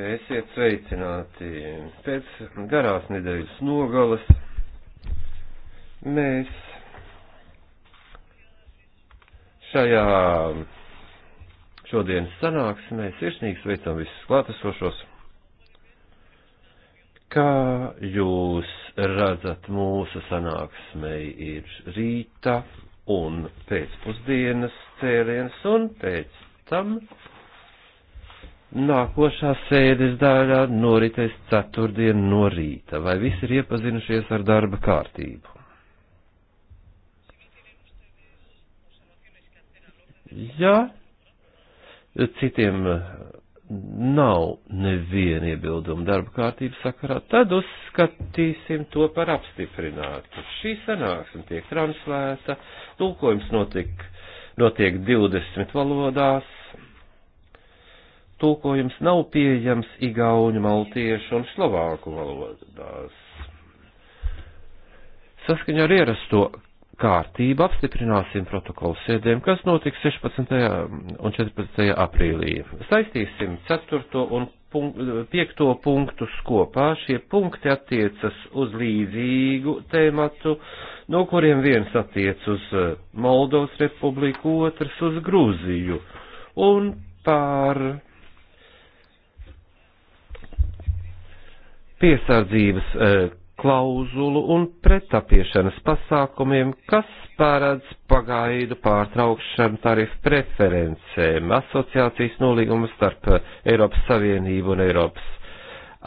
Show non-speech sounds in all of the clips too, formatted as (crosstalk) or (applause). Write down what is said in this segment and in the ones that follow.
Esiet sveicināti pēc garās nedēļas nogalas. Mēs šajā šodienas sanāksmē sirsnīgi sveicam visus klātesošos. Kā jūs redzat, mūsu sanāksmē ir rīta un pēcpusdienas cēliens un pēc tam Nākošā sēdes daļā noritēs ceturtdien no rīta. Vai visi ir iepazinušies ar darba kārtību? Ja citiem nav neviena iebilduma darba kārtības sakarā, tad uzskatīsim to par apstiprinātu. Šī sanāksme tiek translēta, tulkojums notiek, notiek 20 valodās, tulkojums nav pieejams igauņu, maltiešu un slovāku valodās. Saskaņā ar ierasto kārtību apstiprināsim protokolu sēdēm, kas notiks 16. un 14. aprīlī. Saistīsim 4. un 5. punktus kopā. Šie punkti attiecas uz līdzīgu tēmatu, no kuriem viens attiec uz eh, Moldovas republiku, otrs uz Grūziju. Un par piesardzības e, klauzulu un pretapiešanas pasākumiem, kas pārādz pagaidu pārtraukšanu tarifu preferencēm asociācijas nolīgumu starp Eiropas Savienību un Eiropas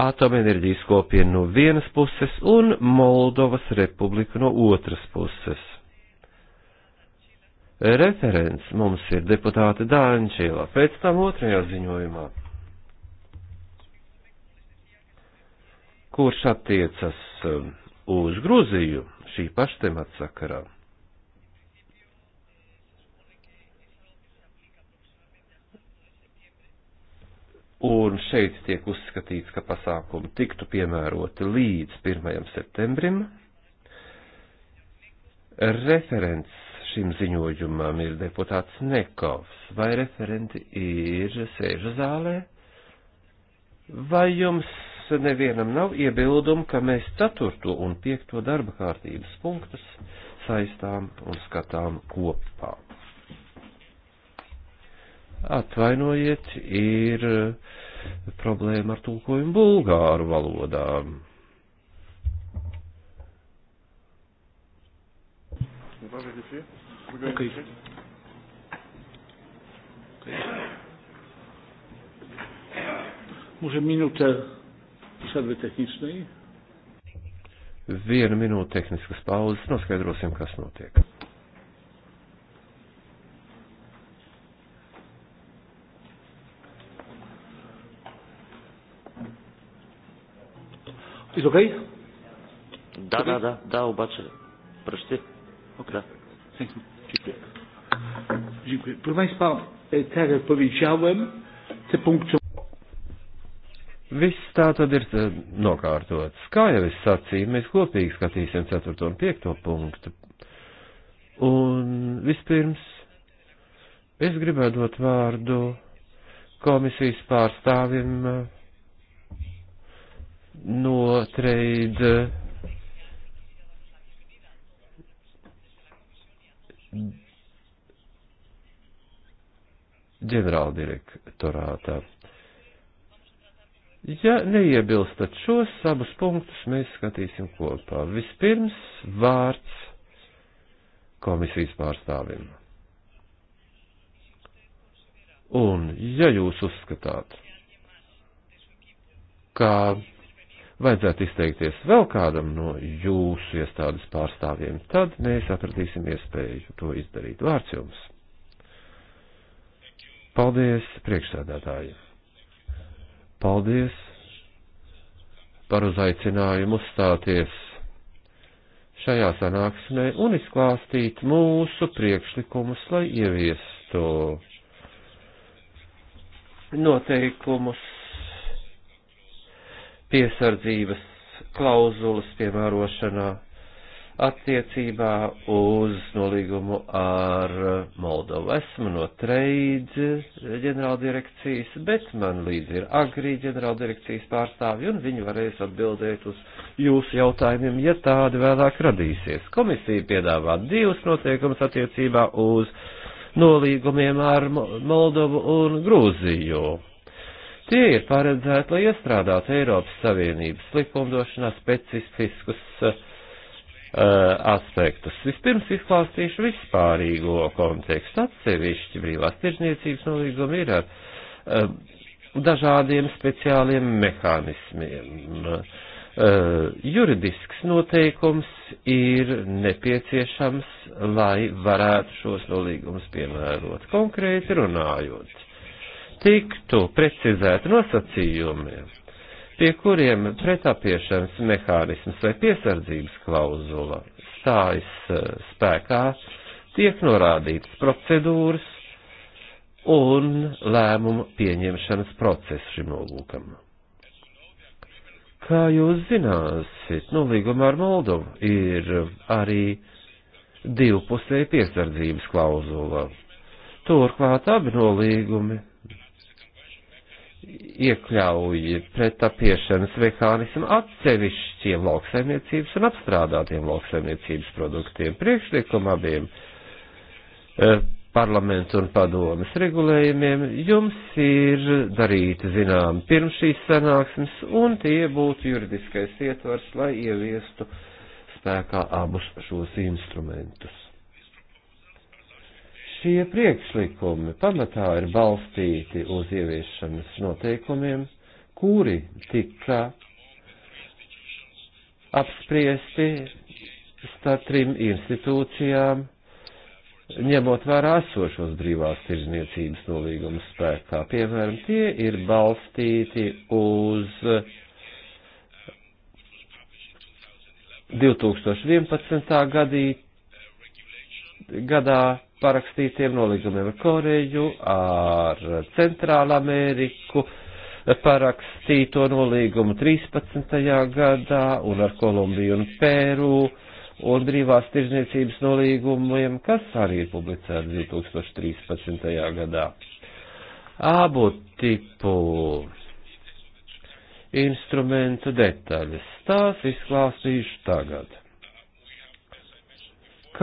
atomenerģijas kopienu no vienas puses un Moldovas republiku no otras puses. Referents mums ir deputāte Dāņķila, pēc tam otrajā ziņojumā. kurš attiecas um, uz Gruziju šī paša temata sakarā. Un šeit tiek uzskatīts, ka pasākumi tiktu piemēroti līdz 1. septembrim. Referents šim ziņojumam ir deputāts Nekovs. Vai referenti ir sēžu zālē? Vai jums nevienam nav iebildumu, ka mēs 4. un 5. darba kārtības punktus saistām un skatām kopā. Atvainojiet, ir problēma ar tulkojumu bulgāru valodām. Okay. Okay. Może minutę Przerwy technicznej. Vienu minūti tehniskas pauzes, noskaidrosim, kas notiek. Is okay? Да, okay? да, да, да, обаче. Прощи. Okay. Да. Dziękuję. Dziękuję. Proszę Państwa, e, tak jak powiedziałem, te punkty... Viss tā tad ir eh, nokārtots. Kā jau es sacīju, mēs kopīgi skatīsim 4. un 5. punktu. Un vispirms es gribētu dot vārdu komisijas pārstāvim eh, no Trade eh, ģenerāldirektorātā. Ja neiebilstat šos abus punktus, mēs skatīsim kopā. Vispirms vārds komisijas pārstāvim. Un, ja jūs uzskatāt, ka vajadzētu izteikties vēl kādam no jūsu iestādes pārstāvjiem, tad mēs atradīsim iespēju to izdarīt. Vārds jums! Paldies priekšsēdētājiem! Paldies par uzaicinājumu uzstāties šajā sanāksmē un izklāstīt mūsu priekšlikumus, lai ieviestu noteikumus piesardzības klauzulas piemērošanā attiecībā uz nolīgumu ar Moldovu. Esmu no Trade ģenerāldirekcijas, bet man līdz ir Agri ģenerāldirekcijas pārstāvi, un viņi varēs atbildēt uz jūsu jautājumiem, ja tādi vēlāk radīsies. Komisija piedāvā divus noteikumus attiecībā uz nolīgumiem ar Moldovu un Grūziju. Tie ir paredzēti, lai iestrādātu Eiropas Savienības likumdošanā specifiskus uh, Uh, aspektus. Vispirms izklāstīšu vispārīgo kontekstu. Atsevišķi brīvās tirzniecības nolīgumi ir ar uh, dažādiem speciāliem mehānismiem. Uh, juridisks noteikums ir nepieciešams, lai varētu šos nolīgumus piemērot konkrēti runājot. Tiktu precizēti nosacījumi pie kuriem pretapiešanas mehānisms vai piesardzības klauzula stājas eh, spēkā, tiek norādītas procedūras un lēmumu pieņemšanas procesu šim nolūkam. Kā jūs zināsiet, nu līgumā ar Moldovu ir arī divpusēja piesardzības klauzula. Turklāt abi nolīgumi iekļauj pretapiešanas mehānismu atsevišķiem lauksaimniecības un apstrādātiem lauksaimniecības produktiem. Priekšlikumam abiem e, parlamentu un padomas regulējumiem jums ir darīti zinām pirms šīs sanāksmes, un tie būtu juridiskais ietvars, lai ieviestu spēkā abus šos instrumentus. Šie priekšlikumi pamatā ir balstīti uz ieviešanas noteikumiem, kuri tika apspriesti starp trim institūcijām, ņemot vērā esošos brīvās tirzniecības nolīgumus spēkā. Piemēram, tie ir balstīti uz 2011. gadī, gadā parakstītiem nolīgumiem ar Koreju, ar Centrālu Ameriku, parakstīto nolīgumu 13. gadā un ar Kolumbiju un Pēru un brīvās tirzniecības nolīgumiem, kas arī ir publicēti 2013. gadā. Abu tipu instrumentu detaļas tās izklāstīšu tagad.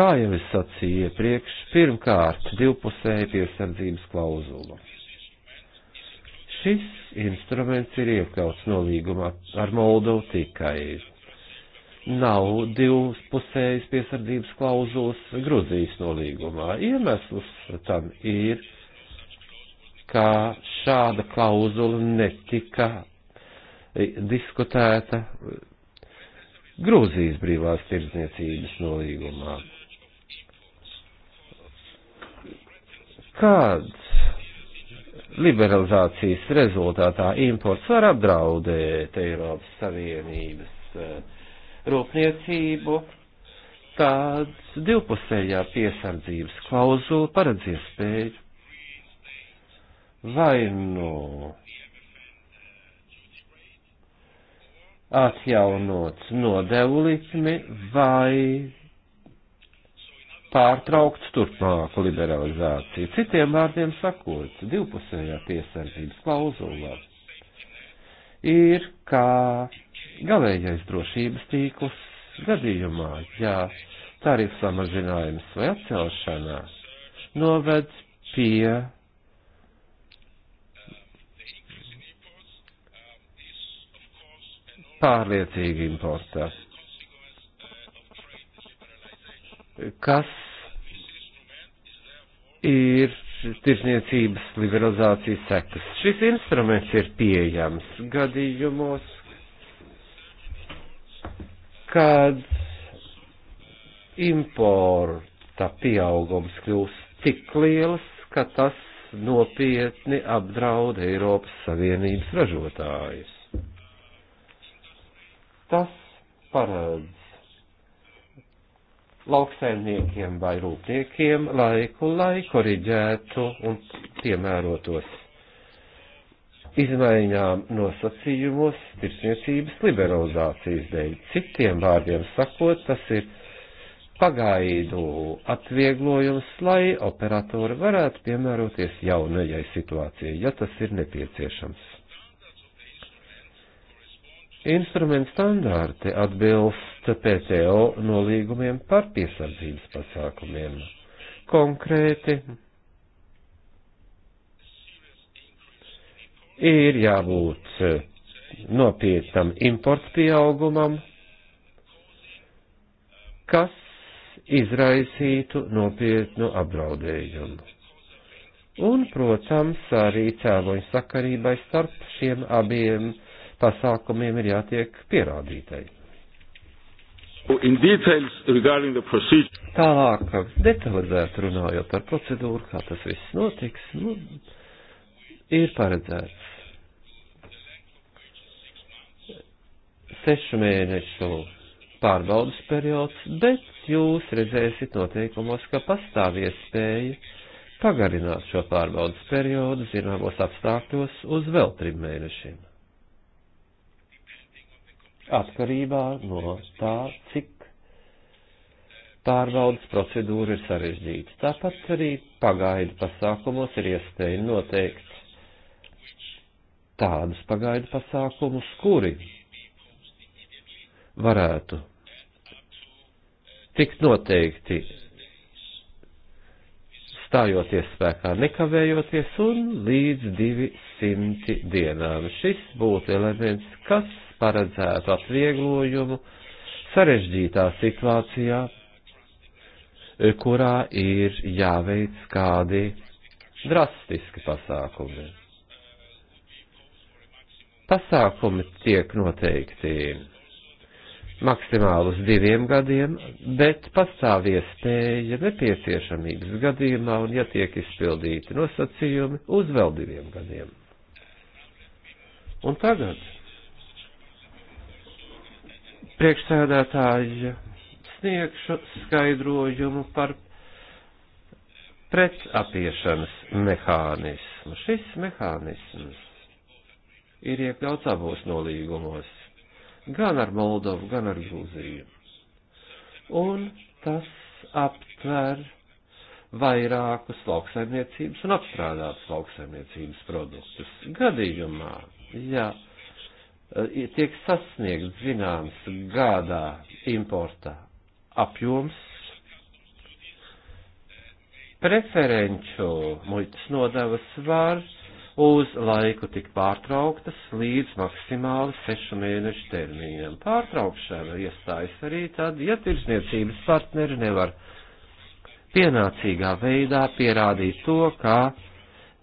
Kā jau es sacīju iepriekš, pirmkārt divpusēja piesardzības klauzula. Šis instruments ir iekļauts nolīgumā ar Moldovu tikai. Nav divpusējas piesardzības klauzulas Gruzijas nolīgumā. Iemesls tam ir, ka šāda klauzula netika diskutēta Grūzijas brīvās tirdzniecības nolīgumā. kad liberalizācijas rezultātā imports var apdraudēt Eiropas Savienības eh, rūpniecību, tāds divpusējā piesardzības klauzula paredz iespēju vai nu atjaunot nodevu likmi vai pārtraukt turpmāku liberalizāciju. Citiem vārdiem sakot, divpusējā piesardzības klauzula ir kā galējais drošības tīkls gadījumā, ja tarifu samazinājums vai atcelšanā noved pie pārliecīgi importēs. kas ir tirsniecības liberalizācijas sekas. Šis instruments ir pieejams gadījumos, kad importa pieaugums kļūst tik liels, ka tas nopietni apdraud Eiropas Savienības ražotājus. Tas parāds lauksaimniekiem vai rūpniekiem laiku, lai koriģētu un piemērotos izmaiņām nosacījumos tirsniecības liberalizācijas dēļ. Citiem vārdiem sakot, tas ir pagaidu atvieglojums, lai operatori varētu piemēroties jaunajai situācijai, ja tas ir nepieciešams. Instrumenta standārti atbilst PCO nolīgumiem par piesardzības pasākumiem. Konkrēti ir jābūt eh, nopietnam importu pieaugumam, kas izraisītu nopietnu apdraudējumu. Un, protams, arī cēloņu sakarībai starp šiem abiem pasākumiem ir jātiek pierādītai. Tālāk, detalizēt runājot par procedūru, kā tas viss notiks, nu, ir paredzēts sešu mēnešu pārbaudas periods, bet jūs redzēsiet noteikumos, ka pastāv iespēja pagarināt šo pārbaudas periodu zināmos apstākļos uz vēl trim mēnešiem atkarībā no tā, cik pārbaudas procedūra ir sarežģīta. Tāpat arī pagaidu pasākumos ir iespēja noteikt tādus pagaidu pasākumus, kuri varētu tikt noteikti stājoties spēkā, nekavējoties un līdz 200 dienām. Šis būtu elements, kas paredzētu atvieglojumu sarežģītā situācijā, kurā ir jāveic kādi drastiski pasākumi. Pasākumi tiek noteikti maksimāli uz diviem gadiem, bet pastāv iespēja nepieciešamības gadījumā un, ja tiek izpildīti nosacījumi, uz vēl diviem gadiem. Un tagad priekšsēdētāji sniegšu skaidrojumu par pretapiešanas mehānismu. Šis mehānisms ir iekļauts abos nolīgumos, gan ar Moldovu, gan ar Grūziju. Un tas aptver vairākus lauksaimniecības un apstrādātus lauksaimniecības produktus. Gadījumā, ja Eh, tiek sasniegts zināms gadā importa apjoms. Preferenču muitas nodevas var uz laiku tik pārtrauktas līdz maksimāli sešu mēnešu termiņam. Pārtraukšana iestājas arī tad, ja tirsniecības partneri nevar pienācīgā veidā pierādīt to, kā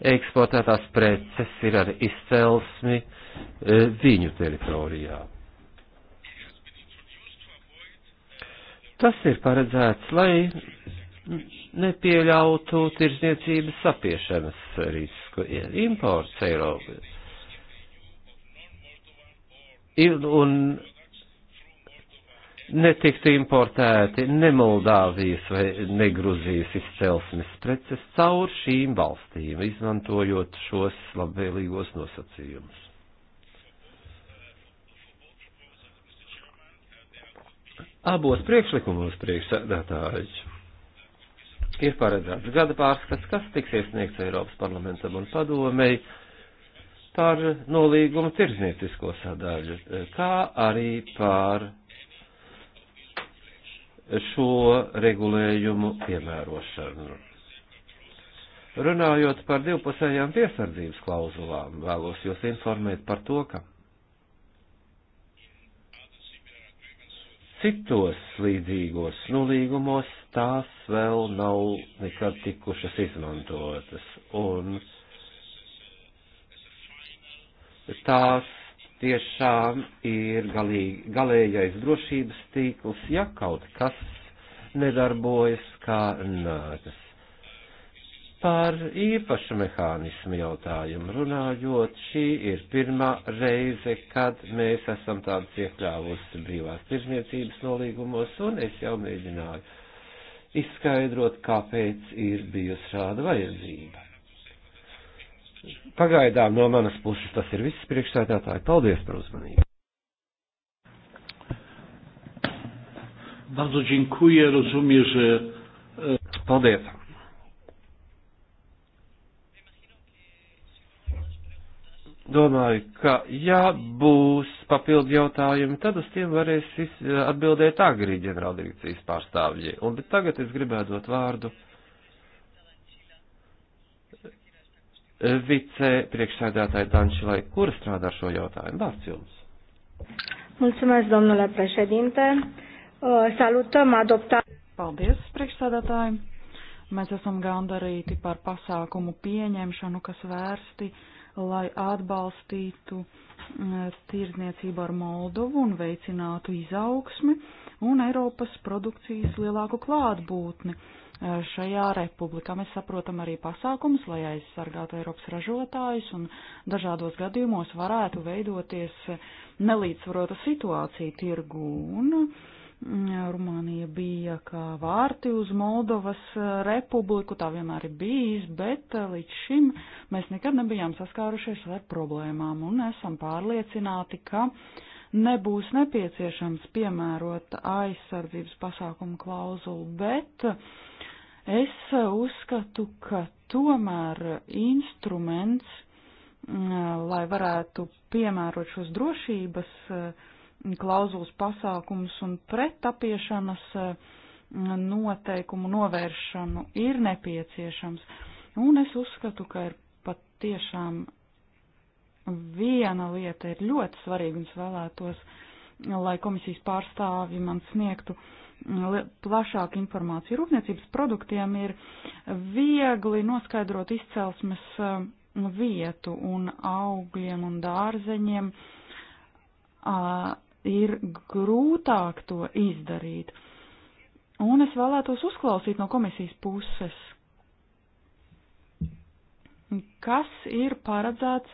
eksportētās preces ir ar izcelsmi e, viņu teritorijā. Tas ir paredzēts, lai nepieļautu tirzniecības sapiešanas risku. Imports Eiropas. Un netiktu importēti ne Moldāvijas vai ne Gruzijas izcelsmes preces caur šīm valstīm, izmantojot šos labvēlīgos nosacījumus. Abos priekšlikumos priekšsēdētājs ir paredzēts gada pārskats, kas tiks iesniegts Eiropas parlamentam un padomēji par nolīgumu tirzniecisko sadaļu, kā arī par šo regulējumu piemērošanu. Runājot par divpusējām piesardzības klauzulām, vēlos jūs informēt par to, ka citos līdzīgos nolīgumos tās vēl nav nekad tikušas izmantotas, un tās tiešām ir galīgi, galējais drošības tīkls, ja kaut kas nedarbojas kā nākas. Par īpašu mehānismu jautājumu runājot, šī ir pirmā reize, kad mēs esam tādus iekļāvusi brīvās tirzniecības nolīgumos, un es jau mēģināju izskaidrot, kāpēc ir bijusi šāda vajadzība. Pagaidām no manas puses tas ir viss priekšsēdētāji. Paldies par uzmanību. Bardzo dziękuję. Rozumiem, że. E, Paldies. Domāju, ka ja būs papildu jautājumi, tad uz tiem varēs atbildēt agri ģenerāldirekcijas pārstāvji. Un, bet tagad es gribētu dot vārdu vice priekšsēdētāja Dančilai, kura strādā ar šo jautājumu. Vārds jums. Mulțumesc, domnule președinte. Salutăm adoptarea. Paldies, priekšsēdētāji. Mēs esam gandarīti par pasākumu pieņemšanu, kas vērsti, lai atbalstītu tirdzniecību ar Moldovu un veicinātu izaugsmi un Eiropas produkcijas lielāku klātbūtni. Eh, šajā republikā. Mēs saprotam arī pasākumus, lai aizsargātu Eiropas ražotājus, un dažādos gadījumos varētu veidoties nelīdzsvarota situācija tirgū. Un, mm, Rumānija bija kā vārti uz Moldovas eh, republiku, tā vienmēr ir bijis, bet eh, līdz šim mēs nekad nebijām saskārušies ar problēmām un esam pārliecināti, ka uh, nebūs nepieciešams piemērot aizsardzības pasākumu klauzulu, bet Es uzskatu, ka tomēr instruments, mm, lai varētu piemērot šos drošības mm, klauzulas pasākumus un pretapiešanas mm, noteikumu novēršanu, ir nepieciešams. Un es uzskatu, ka ir pat tiešām viena lieta ir ļoti svarīga un es vēlētos, lai komisijas pārstāvi man sniegtu uh, plašāku informāciju. Rūpniecības produktiem ir viegli noskaidrot izcelsmes um, vietu un augļiem un dārzeņiem ir grūtāk to izdarīt. Un es vēlētos uzklausīt no komisijas puses, kas ir paredzēts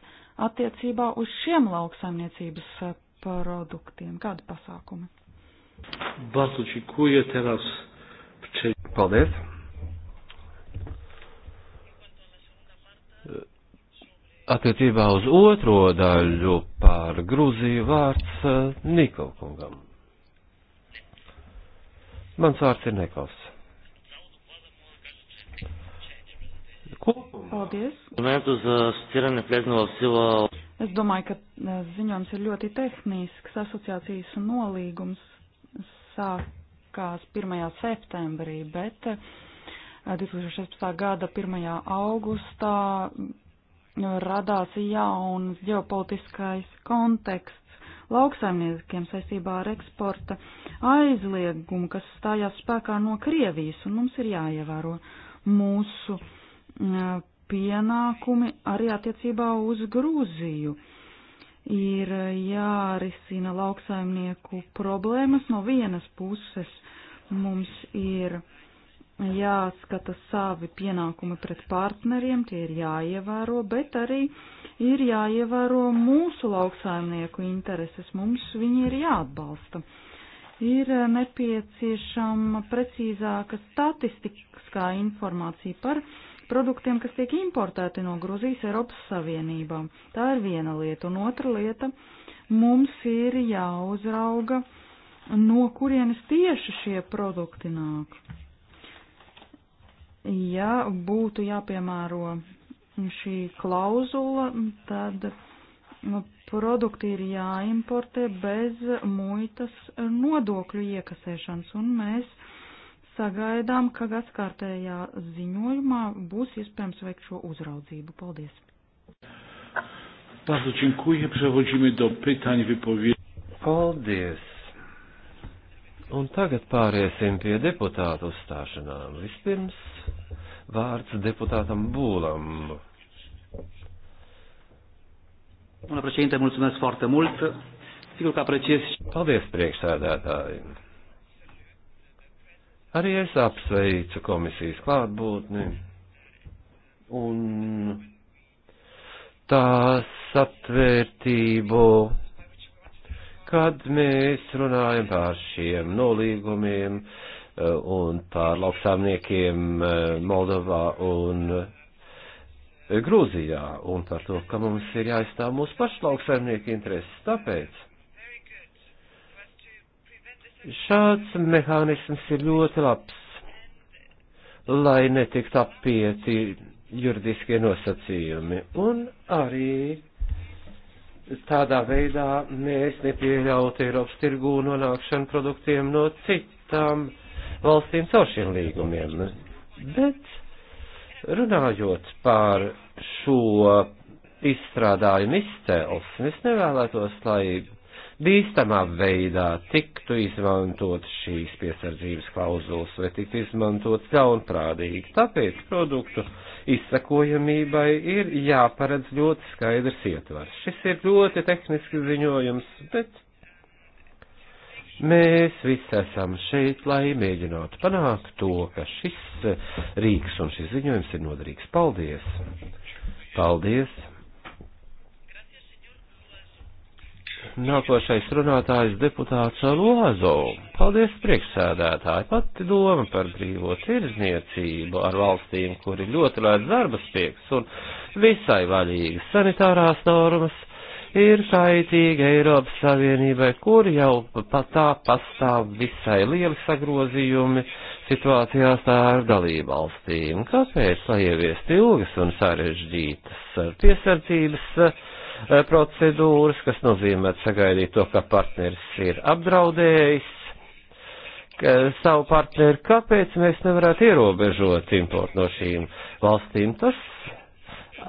attiecībā uz šiem lauksaimniecības produktiem, kādi pasākumi. Bardzo dziękuję. Teraz Paldies. Attiecībā uz otro daļu par Grūziju vārds eh, Nikolkungam. Mans vārds ir Nikols. Paldies. Es domāju, ka eh, ziņojums ir ļoti tehnisks, asociācijas un nolīgums sākās 1. septembrī, bet 2016. Eh, gada 1. augustā mm, radās jauns ģeopolitiskais konteksts lauksaimniekiem saistībā ar eksporta aizliegumu, kas stājās spēkā no Krievijas, un mums ir jāievēro mūsu mm, pienākumi arī attiecībā uz Grūziju. Uh, ir jārisina lauksaimnieku problēmas. No vienas puses mums ir jāskata savi pienākumi pret partneriem, tie ir jāievēro, bet arī ir jāievēro mūsu lauksaimnieku intereses, mums viņi ir jāatbalsta. Ir nepieciešama precīzāka statistiskā informācija par produktiem, kas tiek importēti no Gruzijas Eiropas Savienībām. Tā ir viena lieta. Un otra lieta - mums ir jāuzrauga, no kurienes tieši šie produkti nāk. Ja būtu jāpiemēro šī klauzula, tad produkti ir jāimportē bez muitas nodokļu iekasēšanas, un mēs sagaidām, ka gadskārtējā ziņojumā būs iespējams veikt šo uzraudzību. Paldies! Bardzo dziękuję. Przechodzimy do pytań, wypowiedzi. Paldies. Un tagad pāriesim pie deputātu uzstāšanām. Vispirms vārds deputātam Būlam. Domnule președinte, mulțumesc foarte mult. Sigur că apreciez și... Paldies, priekšsēdētāji. Arī es apsveicu komisijas klātbūtni un tās atvērtību, kad mēs runājam par šiem nolīgumiem eh, un par lauksāmniekiem eh, Moldovā un eh, Grūzijā un par to, ka mums ir jāizstāv mūsu pašu lauksaimnieku intereses. Tāpēc Šāds mehānisms ir ļoti labs, lai netiktu apieti juridiskie nosacījumi. Un arī tādā veidā mēs nepieļautu Eiropas tirgū nonākšanu produktiem no citām valstīm caur šiem līgumiem. Bet runājot par šo izstrādājumu izcelsmi, es nevēlētos, lai bīstamā veidā tiktu izmantot šīs piesardzības klauzulas vai tiktu izmantot ļaunprātīgi. Tāpēc produktu izsakojamībai ir jāparedz ļoti skaidrs ietvars. Šis ir ļoti tehniski ziņojums, bet mēs visi esam šeit, lai mēģinātu panākt to, ka šis rīks un šis ziņojums ir noderīgs. Paldies! Paldies! Nākošais runātājs deputāts Lozo. Paldies priekšsēdētāji. Pati doma par brīvo tirzniecību ar valstīm, kur ir ļoti lēts darba spieks un visai vaļīgas sanitārās normas, ir kaitīga Eiropas Savienībai, kur jau pat tā pastāv visai lieli sagrozījumi situācijās ar dalību valstīm. Kāpēc, lai ieviest ilgas un sarežģītas tiesardzības? Eh, procedūras, kas nozīmē sagaidīt to, ka partneris ir apdraudējis savu partneri, kāpēc mēs nevarētu ierobežot importu no šīm valstīm. Tas eh,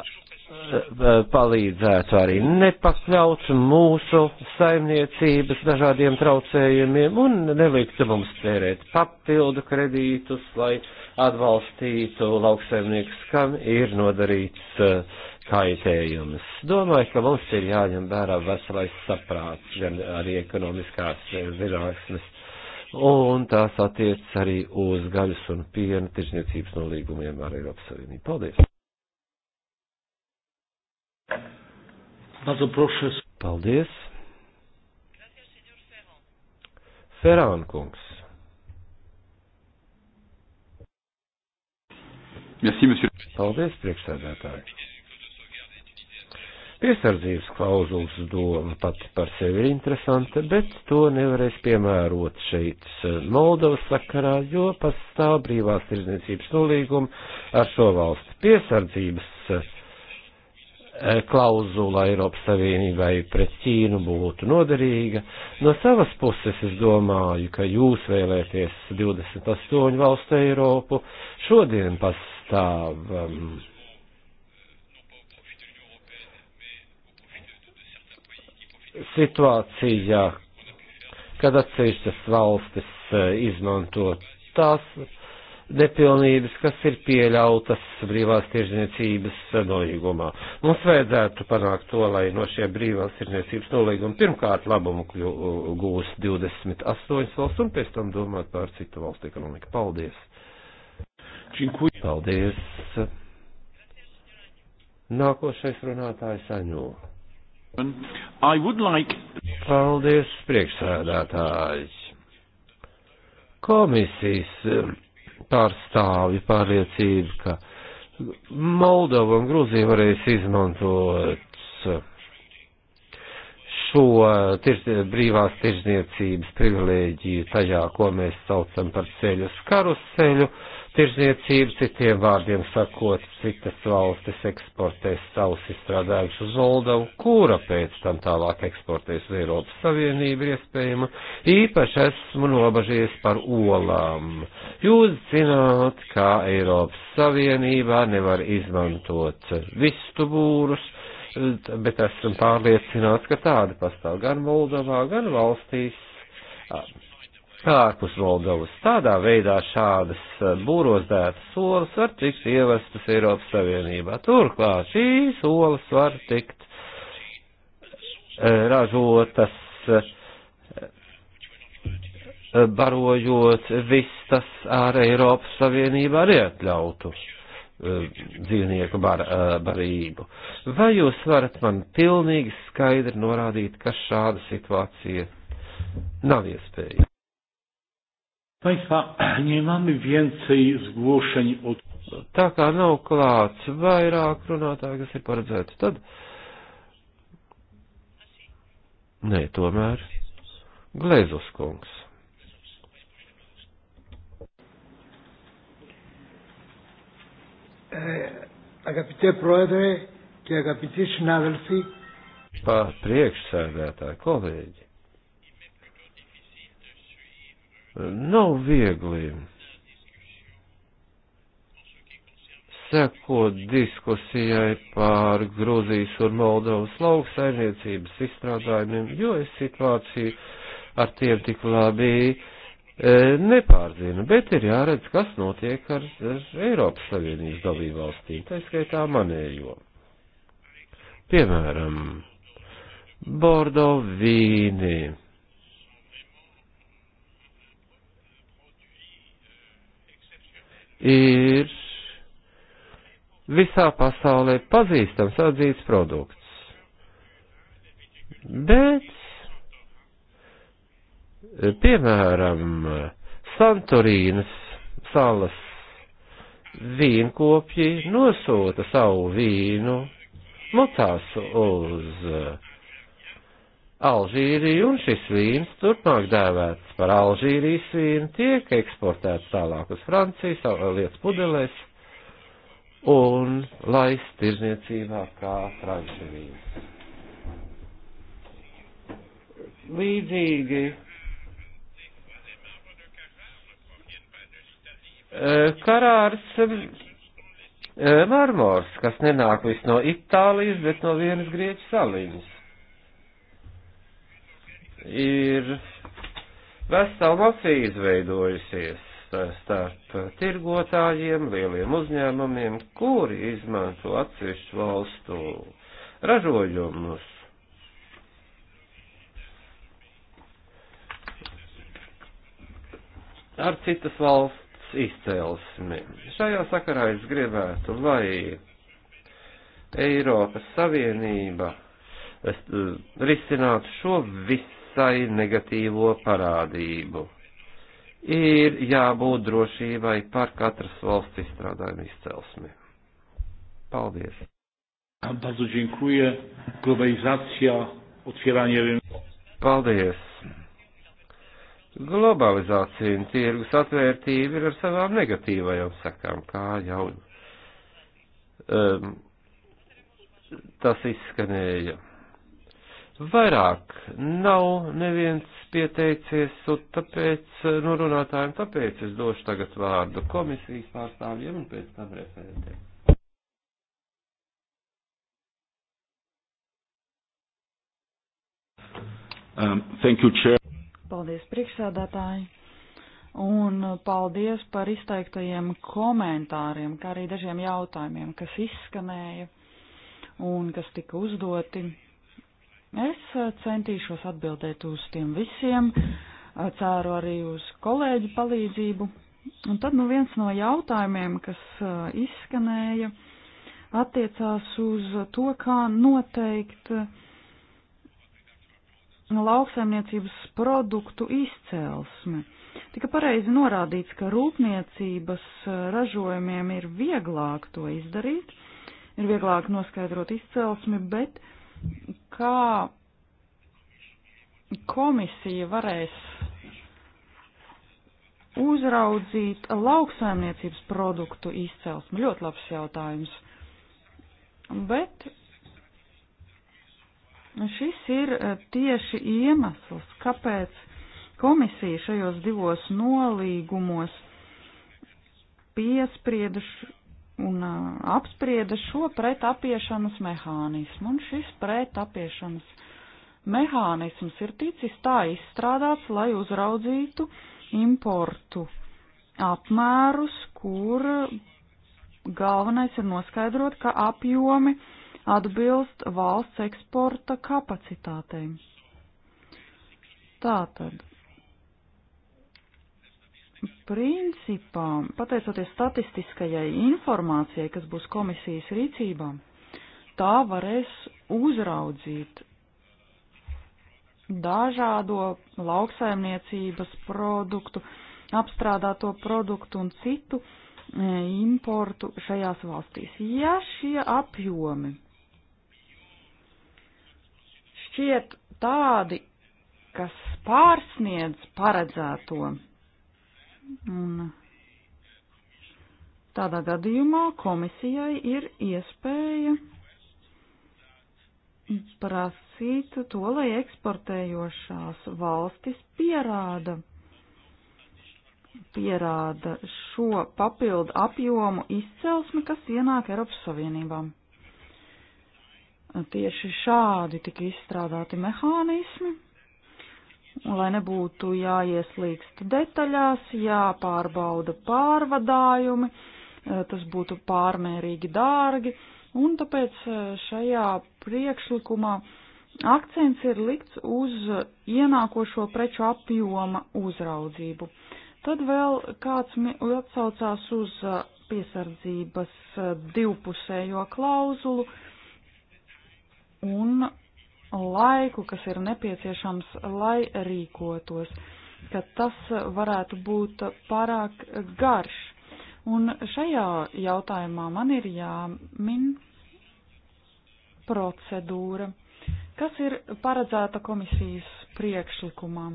eh, palīdzētu arī nepakļaut mūsu saimniecības dažādiem traucējumiem un neliktu mums tērēt papildu kredītus, lai atbalstītu lauksaimnieks, kam ir nodarīts uh, kaitējumus. Domāju, ka mums ir jāņem vērā veselais saprāts, gan arī ekonomiskās zinātnes, un tās attiecas arī uz gaļas un piena tirzniecības nolīgumiem ar Eiropas Savienību. Paldies! Bardzo proszę. Paldies. Ferāna kungs. Merci, monsieur. Paldies, priekšsēdētāji. Piesardzības klauzulas doma pati par sevi ir interesanta, bet to nevarēs piemērot šeit eh, Moldovas sakarā, jo pastāv brīvās tirdzniecības nolīguma ar šo valstu. Piesardzības eh, klauzula Eiropas Savienībai pret Ķīnu būtu noderīga. No savas puses es domāju, ka jūs vēlēties 28 valstu Eiropu. Šodien pastāv um, situācijā, kad atsevišķas valstis e, izmanto tās nepilnības, kas ir pieļautas brīvās tirzniecības nolīgumā. Mums vajadzētu panākt to, lai no šie brīvās tirzniecības nolīgumi pirmkārt labumu gūs 28 valsts un pēc tam domāt par citu valstu ekonomiku. Paldies! Činkuj. Paldies! Nākošais runātājs Aņū. Like... Paldies, priekšsēdētājs. Komisijas eh, pārstāvi pārliecība, ka Moldova un Grūzija varēs izmantot eh, šo eh, tirs, brīvās tirzniecības privilēģiju tajā, ko mēs saucam par ceļu uz karuseļu. ceļu tirzniecību, citiem vārdiem sakot, citas valstis eksportēs savus izstrādājumus uz Oldavu, kura pēc tam tālāk eksportēs uz Eiropas Savienību iespējama. Īpaši esmu nobažies par olām. Jūs zināt, kā Eiropas Savienībā nevar izmantot vistu būrus, bet esmu pārliecināts, ka tāda pastāv gan Moldovā, gan valstīs ārpus Moldovas. Tādā veidā šādas eh, būrozdētas olas var tikt ievestas Eiropas Savienībā. Turklāt šīs olas var tikt eh, ražotas, eh, barojot vistas ar Eiropas Savienībā neatļautu dzīvnieku bar, barību. Vai jūs varat man pilnīgi skaidri norādīt, ka šāda situācija nav iespējama? Państwa, (clears throat) nie mamy więcej zgłoszeń od. Tā kā nav klāts vairāk runātāju, kas ir paredzēts, tad. Nē, tomēr. Glezos kungs. Eh, Agapitē proedrē, tie agapitī šinādalfī. Pār priekšsēdētāji, kolēģi. Nav viegli sekot diskusijai par Grūzijas un Moldovas lauksaimniecības izstrādājumiem, jo es situāciju ar tiem tik labi e, nepārzina, bet ir jāredz, kas notiek ar, ar Eiropas Savienības dalību valstīm, tā skaitā manējo. Piemēram, Bordo vīni ir visā pasaulē pazīstams atzīts produkts. Bet, piemēram, Santorīnas salas vīnkopji nosūta savu vīnu mutās uz uh, Alžīriju, un šis vīns turpmāk dēvēts par Alžīrijas vīnu, tiek eksportēts tālāk uz Franciju, lietas pudelēs, un laist tirzniecībā kā franču vīns. Līdzīgi eh, karārs eh, marmors, kas nenāk vis no Itālijas, bet no vienas Grieķu saliņas ir vesela mafija izveidojusies starp tirgotājiem, lieliem uzņēmumiem, kuri izmanto atsevišķu valstu ražojumus. Ar citas valsts izcelsmi. Šajā sakarā es gribētu, lai Eiropas Savienība eh, risinātu šo visu visai negatīvo parādību. Ir jābūt drošībai par katras valsts izstrādājumu izcelsmi. Paldies! Bardzo dziękuję. Globalizacja, otwieranie rynku. Paldies! Globalizācija un tirgus atvērtība ir ar savām negatīvajām sekām, kā jau um, tas izskanēja. Vairāk nav neviens pieteicies, un tāpēc, nu, runātājiem, tāpēc es došu tagad vārdu komisijas pārstāvjiem un pēc tam referentiem. Um, thank you, Chair. Paldies, priekšsādātāji un paldies par izteiktajiem komentāriem, kā arī dažiem jautājumiem, kas izskanēja un kas tika uzdoti. Es eh, centīšos atbildēt uz tiem visiem, eh, cēru arī uz kolēģu palīdzību. Un tad nu viens no jautājumiem, kas eh, izskanēja, attiecās uz to, kā noteikt lauksaimniecības produktu izcelsmi. Tika pareizi norādīts, ka rūpniecības ražojumiem ir vieglāk to izdarīt, ir vieglāk noskaidrot izcelsmi, bet uh, kā komisija varēs uzraudzīt lauksaimniecības produktu izcelsmi? Ļoti labs jautājums. Bet šis ir eh, tieši iemesls, kāpēc komisija šajos divos nolīgumos piesprieduši un apsprieda šo pretapiešanas mehānismu. Un šis pretapiešanas mehānisms ir ticis tā izstrādāts, lai uzraudzītu importu apmērus, kur galvenais ir noskaidrot, ka apjomi atbilst valsts eksporta kapacitātei. Tātad Principā, pateicoties statistiskajai informācijai, kas būs komisijas rīcībā, tā varēs uzraudzīt dažādo lauksaimniecības produktu, apstrādāto produktu un citu e, importu šajās valstīs. Ja šie apjomi šķiet tādi, kas pārsniedz paredzēto Un tādā gadījumā komisijai ir iespēja prasīt to, lai eksportējošās valstis pierāda, pierāda šo papildu apjomu izcelsmi, kas ienāk Eiropas Savienībām. Tieši šādi tika izstrādāti mehānismi, lai nebūtu jāieslīgst detaļās, jāpārbauda pārvadājumi, eh, tas būtu pārmērīgi dārgi, un tāpēc eh, šajā priekšlikumā akcents ir likts uz ienākošo preču apjoma uzraudzību. Tad vēl kāds atsaucās uz eh, piesardzības divpusējo klauzulu un laiku, kas ir nepieciešams, lai rīkotos, ka tas varētu būt pārāk garš. Un šajā jautājumā man ir jāmin procedūra, kas ir paredzēta komisijas priekšlikumā.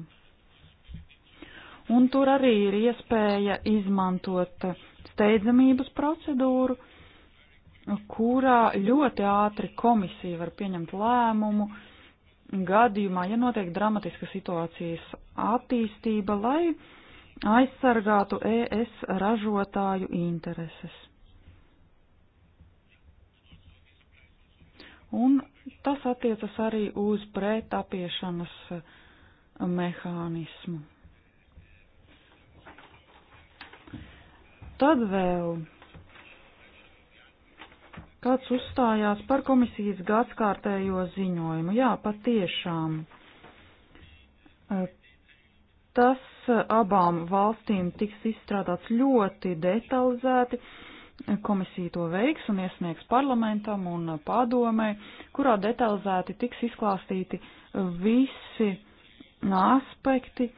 Un tur arī ir iespēja izmantot steidzamības procedūru, kurā ļoti ātri komisija var pieņemt lēmumu gadījumā, ja notiek dramatiska situācijas attīstība, lai aizsargātu ES ražotāju intereses. Un tas attiecas arī uz pretapiešanas mehānismu. Tad vēl Kāds uzstājās par komisijas gadskārtējo ziņojumu? Jā, patiešām. Eh, tas eh, abām valstīm tiks izstrādāts ļoti detalizēti. Eh, komisija to veiks un iesniegs parlamentam un padomē, kurā detalizēti tiks izklāstīti visi aspekti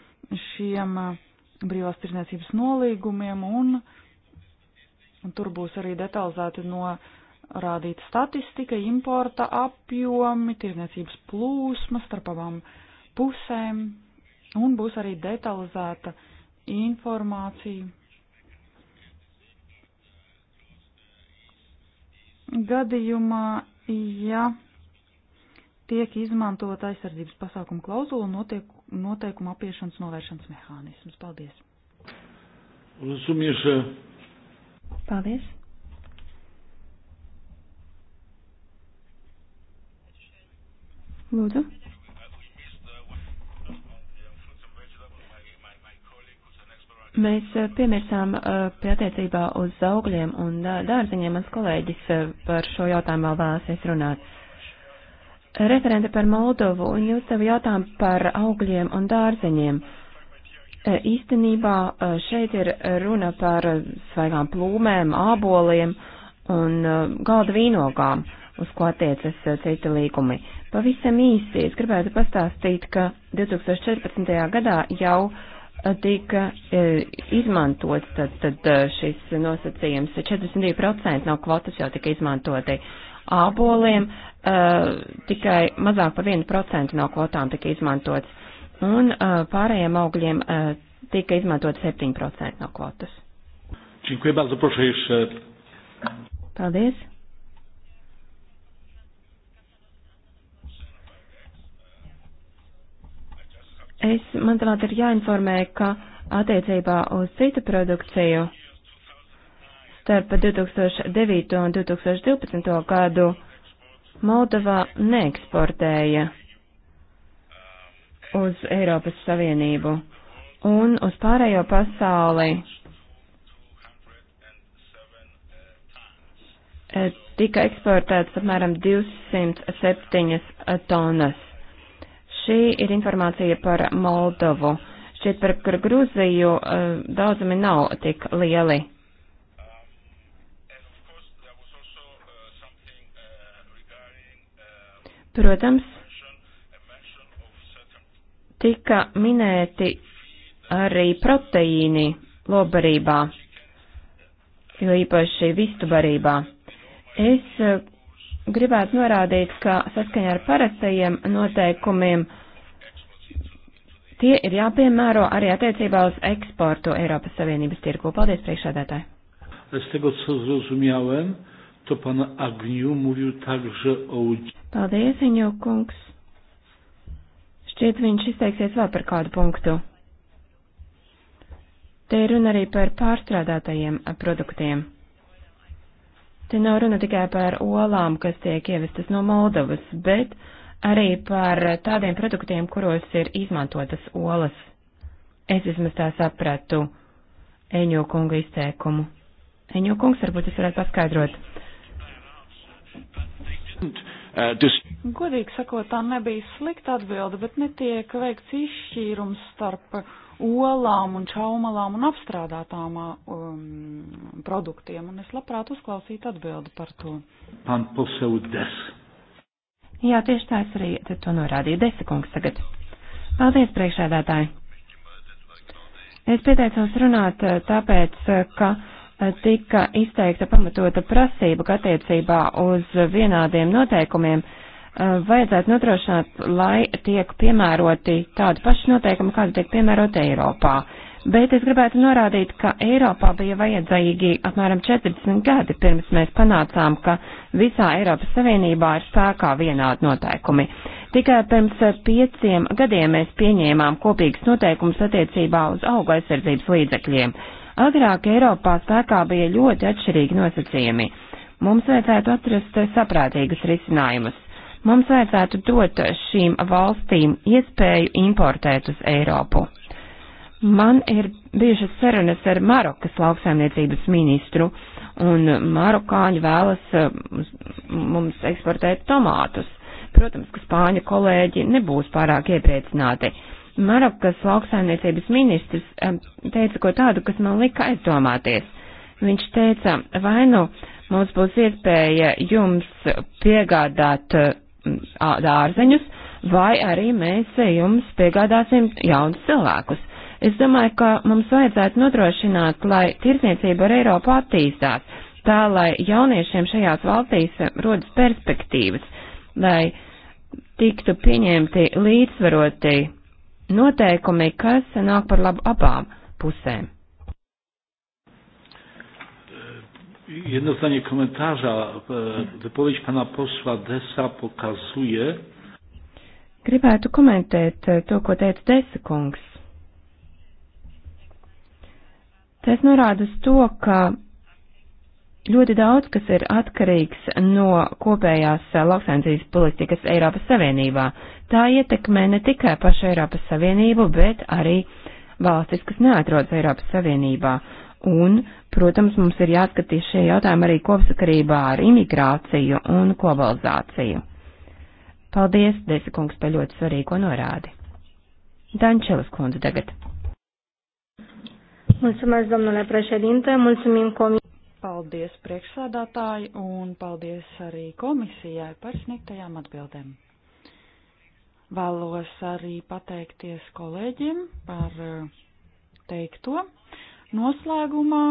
šiem brīvās tirzniecības nolīgumiem un, un tur būs arī detalizēti no uh, rādīt statistika, importa apjomi, tirniecības plūsmas starp abām pusēm, un būs arī detalizēta informācija. Gadījumā, ja tiek izmantot aizsardzības pasākumu klauzulu un noteikumu apiešanas novēršanas mehānismus. Paldies! Rozumieš. Paldies! Lūdzu. Mēs eh, piemirsām eh, pie attiecībā uz augļiem un eh, dārziņiem. Mans kolēģis par šo jautājumu vēl vēlasies runāt. Referente par Moldovu un jūs tev jautājumu par augļiem un dārziņiem. Īstenībā šeit ir runa par svaigām plūmēm, āboliem un galda vīnogām, uz ko attiecas citi līgumi. Pavisam īsi es gribētu pastāstīt, ka 2014. gadā jau eh, tika eh, izmantots tad, tad eh, šis nosacījums, 42% no kvotas jau tika izmantoti āboliem, tikai mazāk par 1% no kvotām tika izmantots, un pārējiem augļiem tika izmantot 7% no kvotas. Paldies! Es, manuprāt, ir jāinformē, ka attiecībā uz citu produkciju starp 2009 un 2012 gadu Moldova neeksportēja uz Eiropas Savienību un uz pārējo pasauli eh, tika eksportēts apmēram 207 tonas Šī ir informācija par Moldovu. Šķiet, par, par Grūziju eh, daudzumi nav tik lieli. Protams, tika minēti arī proteīni lobarībā, jo īpaši vistubarībā. Es eh, gribētu norādīt, ka saskaņā ar parastajiem noteikumiem tie ir jāpiemēro arī attiecībā uz eksportu Eiropas Savienības tirgu. Paldies, priekšādātāji! Paldies, Viņu kungs! Šķiet, viņš izteiksies vēl par kādu punktu. Te ir runa arī par pārstrādātajiem produktiem. Te nav runa tikai par olām, kas tiek ievestas no Moldovas, bet arī par tādiem produktiem, kuros ir izmantotas olas. Es vismaz tā sapratu Eņo kunga izteikumu. Eņo kungs, varbūt jūs varētu paskaidrot. Godīgi sakot, tā nebija slikta atbilde, bet netiek veikts izšķīrums starp uh, olām un čaumalām un apstrādātām um, produktiem, un es labprāt uzklausītu atbildi par to. Man pusev des. Jā, tieši tā es arī to norādīju. Desekungs tagad. Paldies, priekšēdētāji. Es pieteicos runāt eh, tāpēc, ka eh, tika izteikta pamatota prasība, ka attiecībā uz vienādiem noteikumiem uh, vajadzētu nodrošināt, lai tiek piemēroti tādi paši noteikumi, kādi tiek piemēroti Eiropā. Bet es gribētu norādīt, ka Eiropā bija vajadzīgi apmēram 40 gadi pirms mēs panācām, ka visā Eiropas Savienībā ir spēkā vienādi noteikumi. Tikai pirms pieciem gadiem mēs pieņēmām kopīgas noteikumus attiecībā uz auga aizsardzības līdzekļiem. Agrāk Eiropā spēkā bija ļoti atšķirīgi nosacījumi. Mums vajadzētu atrast saprātīgus risinājumus. Mums vajadzētu dot šīm valstīm iespēju importēt uz Eiropu. Man ir bijušas sarunas ar Marokas lauksaimniecības ministru, un marokāņi vēlas eh, mums eksportēt tomātus. Protams, ka spāņu kolēģi nebūs pārāk iepriecināti. Marokas lauksaimniecības ministrs eh, teica ko tādu, kas man lika aizdomāties. Viņš teica, vai nu mums būs iespēja jums piegādāt eh, dārzeņus, vai arī mēs jums piegādāsim jaunus cilvēkus. Es domāju, ka mums vajadzētu nodrošināt, lai tirsniecība ar Eiropu attīstās, tā lai jauniešiem šajās valstīs rodas perspektīvas, lai tiktu pieņemti līdzsvaroti noteikumi, kas nāk par labu abām pusēm. Jedno zdanie komentarza. E, wypowiedź pana posła Desa pokazuje. Gribētu komentēt e, to, ko teica Desa kungs. Tas norāda uz to, ka ļoti daudz, kas ir atkarīgs no kopējās e, lauksainicības politikas Eiropas Savienībā, tā ietekmē ne tikai pašu Eiropas Savienību, bet arī valstis, kas neatrodas Eiropas Savienībā. Uh, Un, protams, mums ir jāskatīs šie jautājumi arī kopsakarībā ar imigrāciju un globalizāciju. Paldies, Desikungs, par ļoti svarīgo norādi. Dančelas kundze tagad. Mulțumesc, domnule președinte, mulțumim comisiei. Paldies priekšsādātāji un paldies arī komisijai par sniegtajām atbildēm. Vēlos arī pateikties kolēģim par eh, teikto Noslēgumā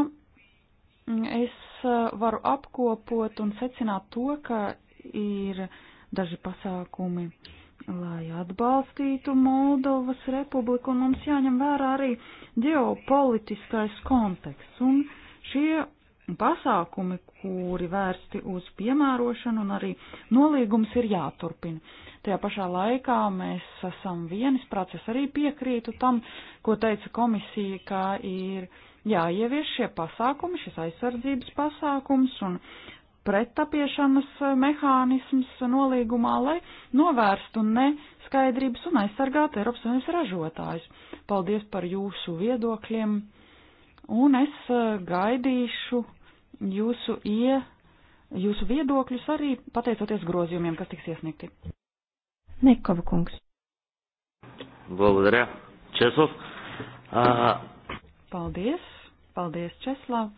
es eh, varu apkopot un secināt to, ka ir daži pasākumi, lai atbalstītu Moldovas republiku, un mums jāņem vērā arī ģeopolitiskais konteksts. Un šie pasākumi, kuri vērsti uz piemērošanu un arī nolīgums ir jāturpina. Tajā pašā laikā mēs esam vienisprāts, es arī piekrītu tam, ko teica komisija, ka ir uh, jāievieš šie pasākumi, šis aizsardzības pasākums un pretapiešanas eh, mehānisms nolīgumā, lai novērstu neskaidrības un aizsargātu Eiropas Savienības ražotājus. Paldies par jūsu viedokļiem, un es eh, gaidīšu jūsu, ie, jūsu viedokļus arī pateicoties grozījumiem, kas tiks iesniegti. Nekova kungs. Благодаря. Чесов. А, Paldies! Paldies, Česlav!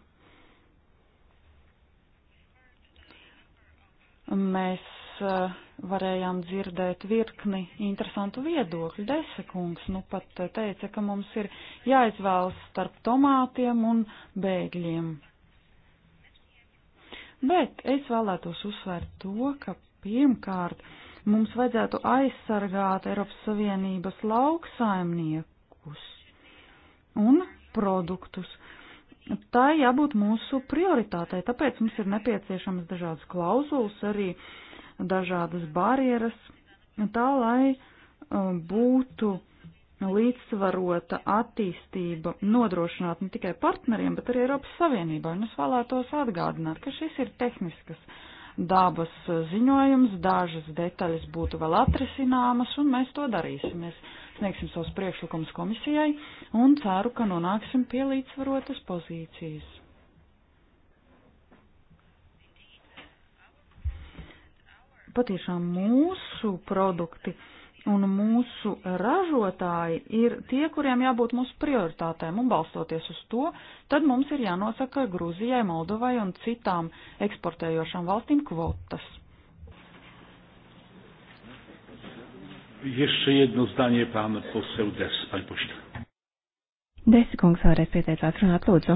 Mēs eh, varējām dzirdēt virkni interesantu viedokļu. Desekungs nu pat eh, teica, ka mums ir jāizvēlas starp tomātiem un bēgļiem. Bet es vēlētos uzsvērt to, ka pirmkārt mums vajadzētu aizsargāt Eiropas Savienības lauksaimniekus produktus. Tā jābūt mūsu prioritātei, tāpēc mums ir nepieciešamas dažādas klauzulas, arī dažādas barjeras, tā lai uh, būtu līdzsvarota attīstība nodrošināt ne tikai partneriem, bet arī Eiropas Savienībai. Un es vēlētos atgādināt, ka šis ir tehniskas dabas ziņojums, dažas detaļas būtu vēl atrisināmas, un mēs to darīsim. Mēs sniegsim savus priekšlikumus komisijai un ceru, ka nonāksim pie līdzsvarotas pozīcijas. Patiešām mūsu produkti Un mūsu ražotāji ir tie, kuriem jābūt mūsu prioritātēm, un balstoties uz to, tad mums ir jānosaka Grūzijai, Moldovai un citām eksportējošām valstīm kvotas. Jeszcze jedno zdanie pan poseł Des, panie pośle. Des, kungs, vēlreiz pieteicāt runāt, lūdzu.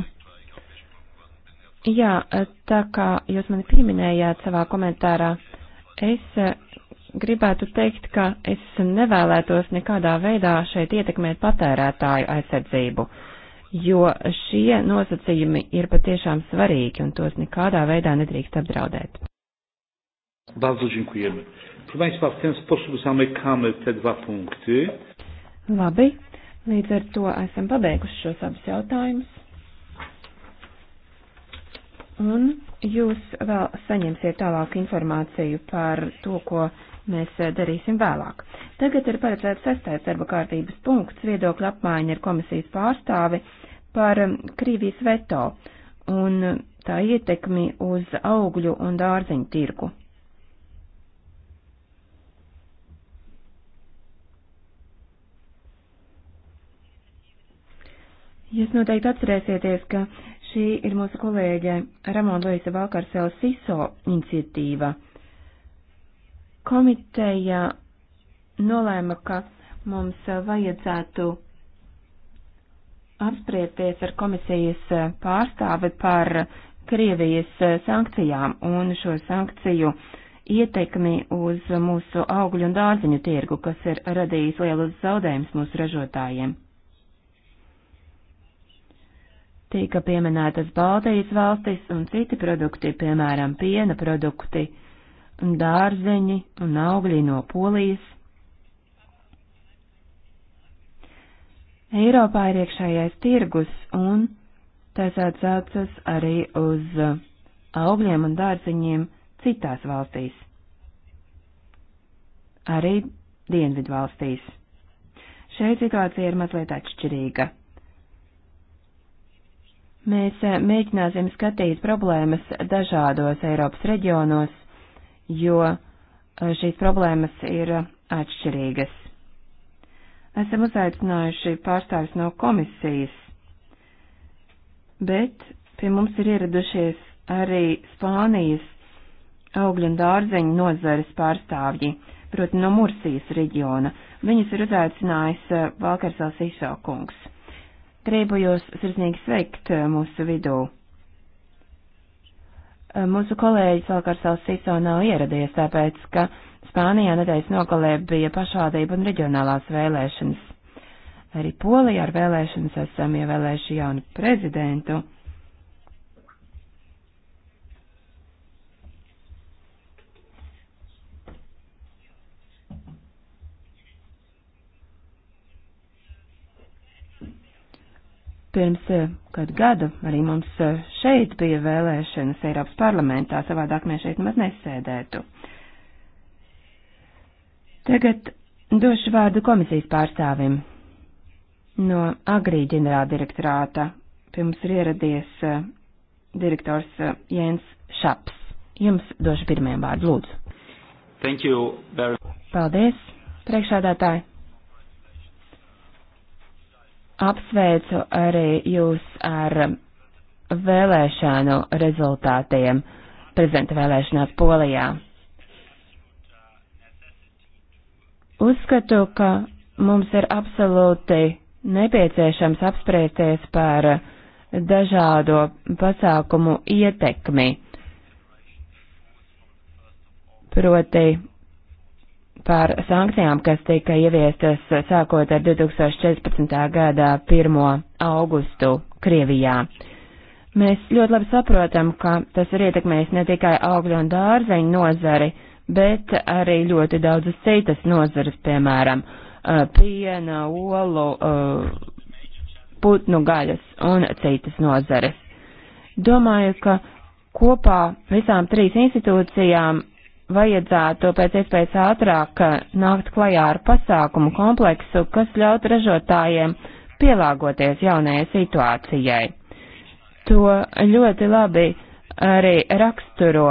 Jā, tā kā jūs mani pieminējāt savā komentārā, es gribētu teikt, ka es nevēlētos nekādā veidā šeit ietekmēt patērētāju aizsardzību, jo šie nosacījumi ir patiešām svarīgi un tos nekādā veidā nedrīkst apdraudēt. Bardzo dziękujemy. Proszę Państwa, w ten sposób zamykamy te dwa punkty. Labi, līdz ar to esam pabeiguši šos abus jautājumus. Un jūs vēl saņemsiet tālāk informāciju par to, ko mēs eh, darīsim vēlāk. Tagad ir paredzēts sestais darba kārtības punkts viedokļa apmaiņa ar komisijas pārstāvi par um, Krīvijas veto un um, tā ietekmi uz augļu un dārzeņu tirgu. Jūs noteikti atcerēsieties, ka šī ir mūsu kolēģe Ramona Luisa Valkarsela Siso iniciatīva. Komiteja nolēma, ka mums eh, vajadzētu apspriesties ar komisijas eh, pārstāvi par Krievijas eh, sankcijām un šo sankciju ietekmi uz mūsu augļu un dārziņu tirgu, kas ir radījis lielus zaudējumus mūsu ražotājiem. Tika pieminētas Baltijas valstis un citi produkti, piemēram, piena produkti dārzeņi un augļi no Polijas. Eiropā ir iekšējais tirgus, un tas atsācas arī uz augļiem un dārzeņiem citās valstīs, arī dienvidu valstīs. Šeit situācija ir mazliet atšķirīga. Mēs eh, mēģināsim skatīt problēmas dažādos Eiropas reģionos jo eh, šīs problēmas ir atšķirīgas. Esam uzaicinājuši pārstāvis no komisijas, bet pie mums ir ieradušies arī Spānijas augļu un dārzeņu nozares pārstāvji, proti no Mursijas reģiona. Viņus ir uzaicinājis eh, Valkarsels Išaukungs. Gribu jūs sirsnīgi sveikt eh, mūsu vidū. Eh, mūsu kolēģis Alkarsals Siso nav ieradies, tāpēc, ka Spānijā nedēļas nogalē bija pašvaldība un reģionālās vēlēšanas. Arī Polijā ar vēlēšanas esam ievēlējuši jaunu prezidentu. Pirms eh, kādu gadu arī mums eh, šeit bija vēlēšanas Eiropas parlamentā, savādāk mēs šeit nemaz nesēdētu. Tagad došu vārdu komisijas pārstāvim. No agrī ģenerāla direktorāta pie mums ir ieradies eh, direktors Jens Šaps. Jums došu pirmajam vārdu, lūdzu. Thank you very much. Paldies, priekšādātāji. Apsveicu arī jūs ar vēlēšanu rezultātiem prezidenta vēlēšanās Polijā. Uzskatu, ka mums ir absolūti nepieciešams apspriesties par dažādo pasākumu ietekmi, proti par sankcijām, kas tika ieviestas sākot ar 2014. gada 1. augustu Krievijā. Mēs ļoti labi saprotam, ka tas ir ietekmējis ne tikai augļu un dārzeņu nozari, bet arī ļoti daudzas citas nozares, piemēram, eh, piena, olu, eh, putnu gaļas un citas nozares. Domāju, ka kopā visām trīs institūcijām vajadzētu pēc iespējas ātrāk eh, nākt klajā ar pasākumu kompleksu, kas ļaut ražotājiem pielāgoties jaunajai situācijai. To ļoti labi arī raksturo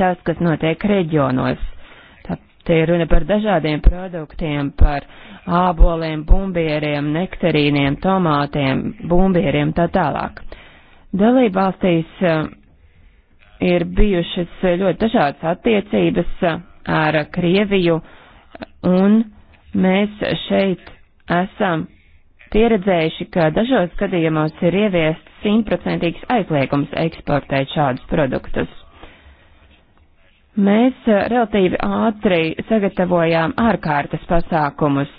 tas, kas notiek reģionos. Tā te ir runa par dažādiem produktiem, par āboliem, bumbieriem, nektarīniem, tomātiem, bumbieriem tā tālāk. Dalībvalstīs eh, ir bijušas ļoti dažādas attiecības ar Krieviju, un mēs šeit esam pieredzējuši, ka dažos gadījumos ir ieviests simtprocentīgs aizliegums eksportēt šādus produktus. Mēs relatīvi ātri sagatavojām ārkārtas pasākumus,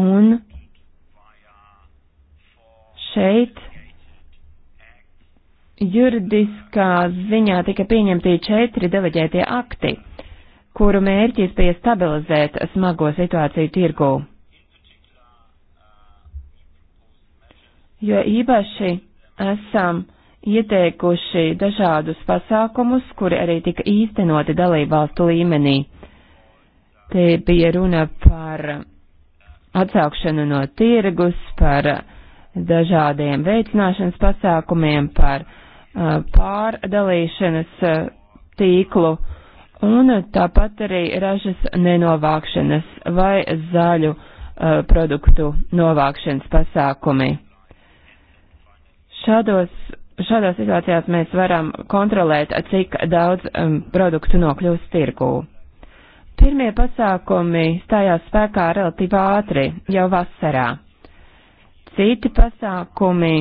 un šeit juridiskā ziņā tika pieņemti četri deleģētie akti, kuru mērķis bija stabilizēt smago situāciju tirgū. Jo īpaši esam ieteikuši dažādus pasākumus, kuri arī tika īstenoti dalībvalstu līmenī. Te bija runa par atsaukšanu no tirgus, par dažādiem veicināšanas pasākumiem, par uh, Uh, pārdalīšanas uh, tīklu un tāpat arī ražas nenovākšanas vai zaļu uh, produktu novākšanas pasākumi. Šādos, šādās situācijās mēs varam kontrolēt, cik daudz um, produktu nokļūst tirgū. Pirmie pasākumi stājās spēkā relatīvi ātri, jau vasarā. Citi pasākumi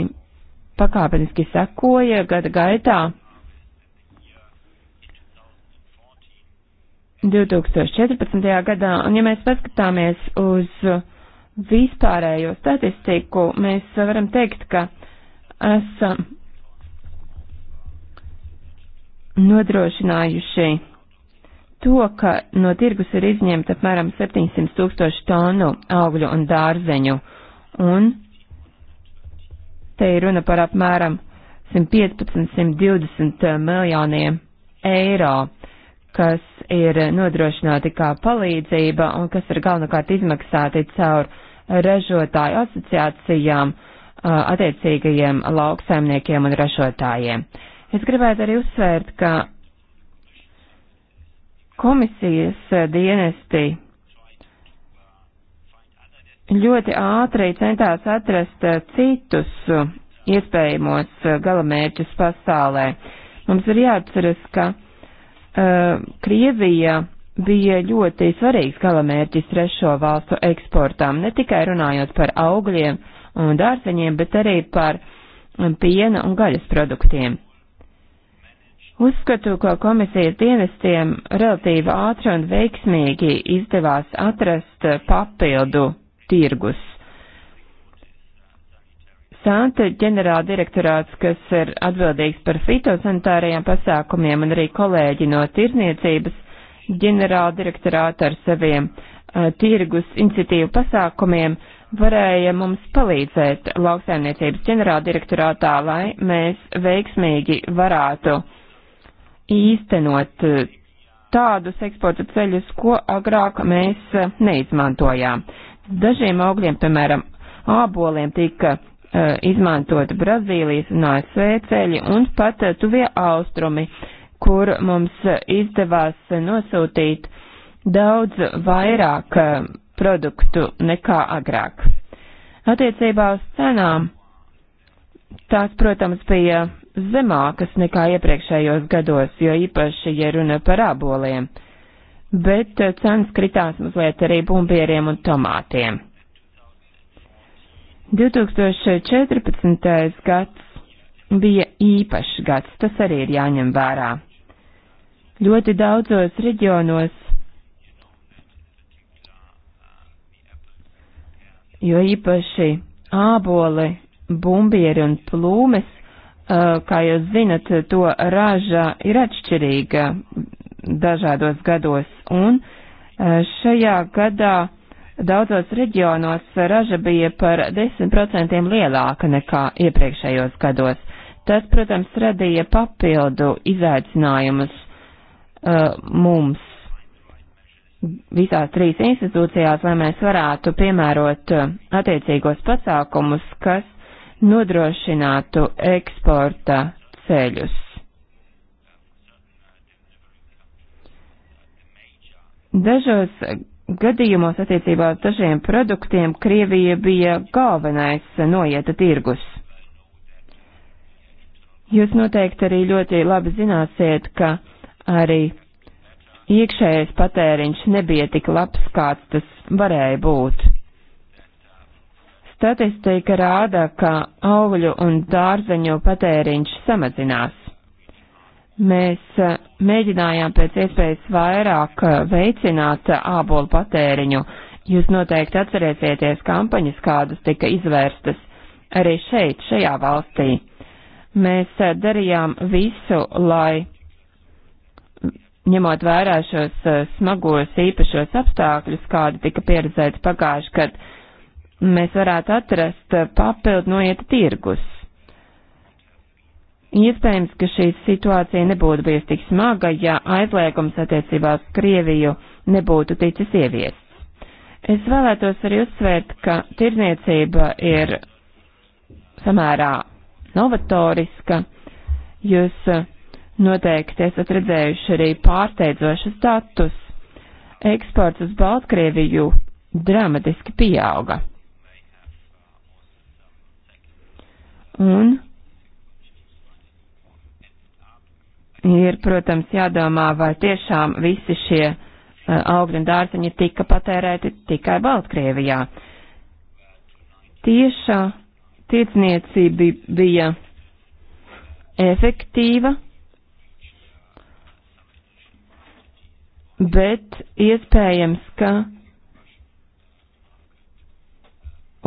pakāpeniski sekoja gada gaitā. 2014. gadā, un ja mēs paskatāmies uz vispārējo statistiku, mēs varam teikt, ka esam nodrošinājuši to, ka no tirgus ir izņemta apmēram 700 tūkstoši tonu augļu un dārzeņu, un Te ir runa par apmēram 115-120 eh, miljoniem eiro, kas ir nodrošināti kā palīdzība un kas ir galvenokārt izmaksāti caur ražotāju asociācijām, eh, attiecīgajiem lauksaimniekiem un ražotājiem. Es gribētu arī uzsvērt, ka komisijas dienesti ļoti ātri centās atrast eh, citus eh, iespējamos eh, galamērķus pasaulē. Mums ir jāatceras, ka uh, Krievija bija ļoti svarīgs galamērķis trešo valstu eksportām, ne tikai runājot par augļiem un dārzeņiem, bet arī par mm, piena un gaļas produktiem. Uzskatu, ka komisijas dienestiem relatīvi ātri un veiksmīgi izdevās atrast papildu tirgus. Santa ģenerāla direktorāts, kas ir atbildīgs par fitosanitārajiem pasākumiem un arī kolēģi no tirzniecības ģenerāla direktorāta ar saviem uh, tirgus iniciatīvu pasākumiem, varēja mums palīdzēt lauksaimniecības ģenerāla direktorātā, lai mēs veiksmīgi varētu īstenot eh, tādus eksporta ceļus, ko agrāk mēs eh, neizmantojām. Uh, Dažiem augļiem, piemēram, āboliem tika uh, eh, izmantota Brazīlijas un ASV ceļi un pat uh, tuvie austrumi, kur mums uh, izdevās uh, nosūtīt daudz vairāk uh, produktu nekā agrāk. Attiecībā uz cenām tās, protams, bija zemākas nekā iepriekšējos gados, jo īpaši, ja runa par āboliem. Uh, bet eh, cenas kritās mazliet arī bumbieriem un tomātiem. 2014. gads bija īpašs gads, tas arī ir jāņem vērā. Ļoti daudzos reģionos, jo īpaši āboli, bumbieri un plūmes, eh, kā jūs zinat, to raža ir atšķirīga dažādos gados, un e, šajā gadā daudzos reģionos raža bija par 10% lielāka nekā iepriekšējos gados. Tas, protams, radīja papildu izaicinājumus uh, mums visās trīs institūcijās, lai mēs varētu piemērot e, attiecīgos pasākumus, kas nodrošinātu eksporta ceļus. Dažos gadījumos attiecībā uz dažiem produktiem Krievija bija galvenais noieta tirgus. Jūs noteikti arī ļoti labi zināsiet, ka arī iekšējais patēriņš nebija tik labs, kāds tas varēja būt. Statistika rāda, ka augļu un dārzeņu patēriņš samazinās. Mēs eh, mēģinājām pēc iespējas vairāk eh, veicināt eh, ābolu patēriņu. Jūs noteikti atcerēsieties kampaņas, kādas tika izvērstas arī šeit, šajā valstī. Mēs darījām visu, lai ņemot vērā šos smagos īpašos apstākļus, kādi tika pieredzēti pagājuši, kad mēs varētu atrast papildu noieta tirgus Iespējams, ka šī situācija nebūtu bijusi tik smaga, ja aizliegums attiecībā uz Krieviju nebūtu ticis ieviests. Es vēlētos arī uzsvērt, ka tirniecība ir samērā novatoriska. Jūs noteikti esat redzējuši arī pārsteidzošas datus. Eksports uz Baltkrieviju dramatiski pieauga. Un ir, protams, jādomā, vai tiešām visi šie uh, augļi un dārzeņi tika patērēti tikai Baltkrievijā. Tieša tirdzniecība bija efektīva, bet iespējams, ka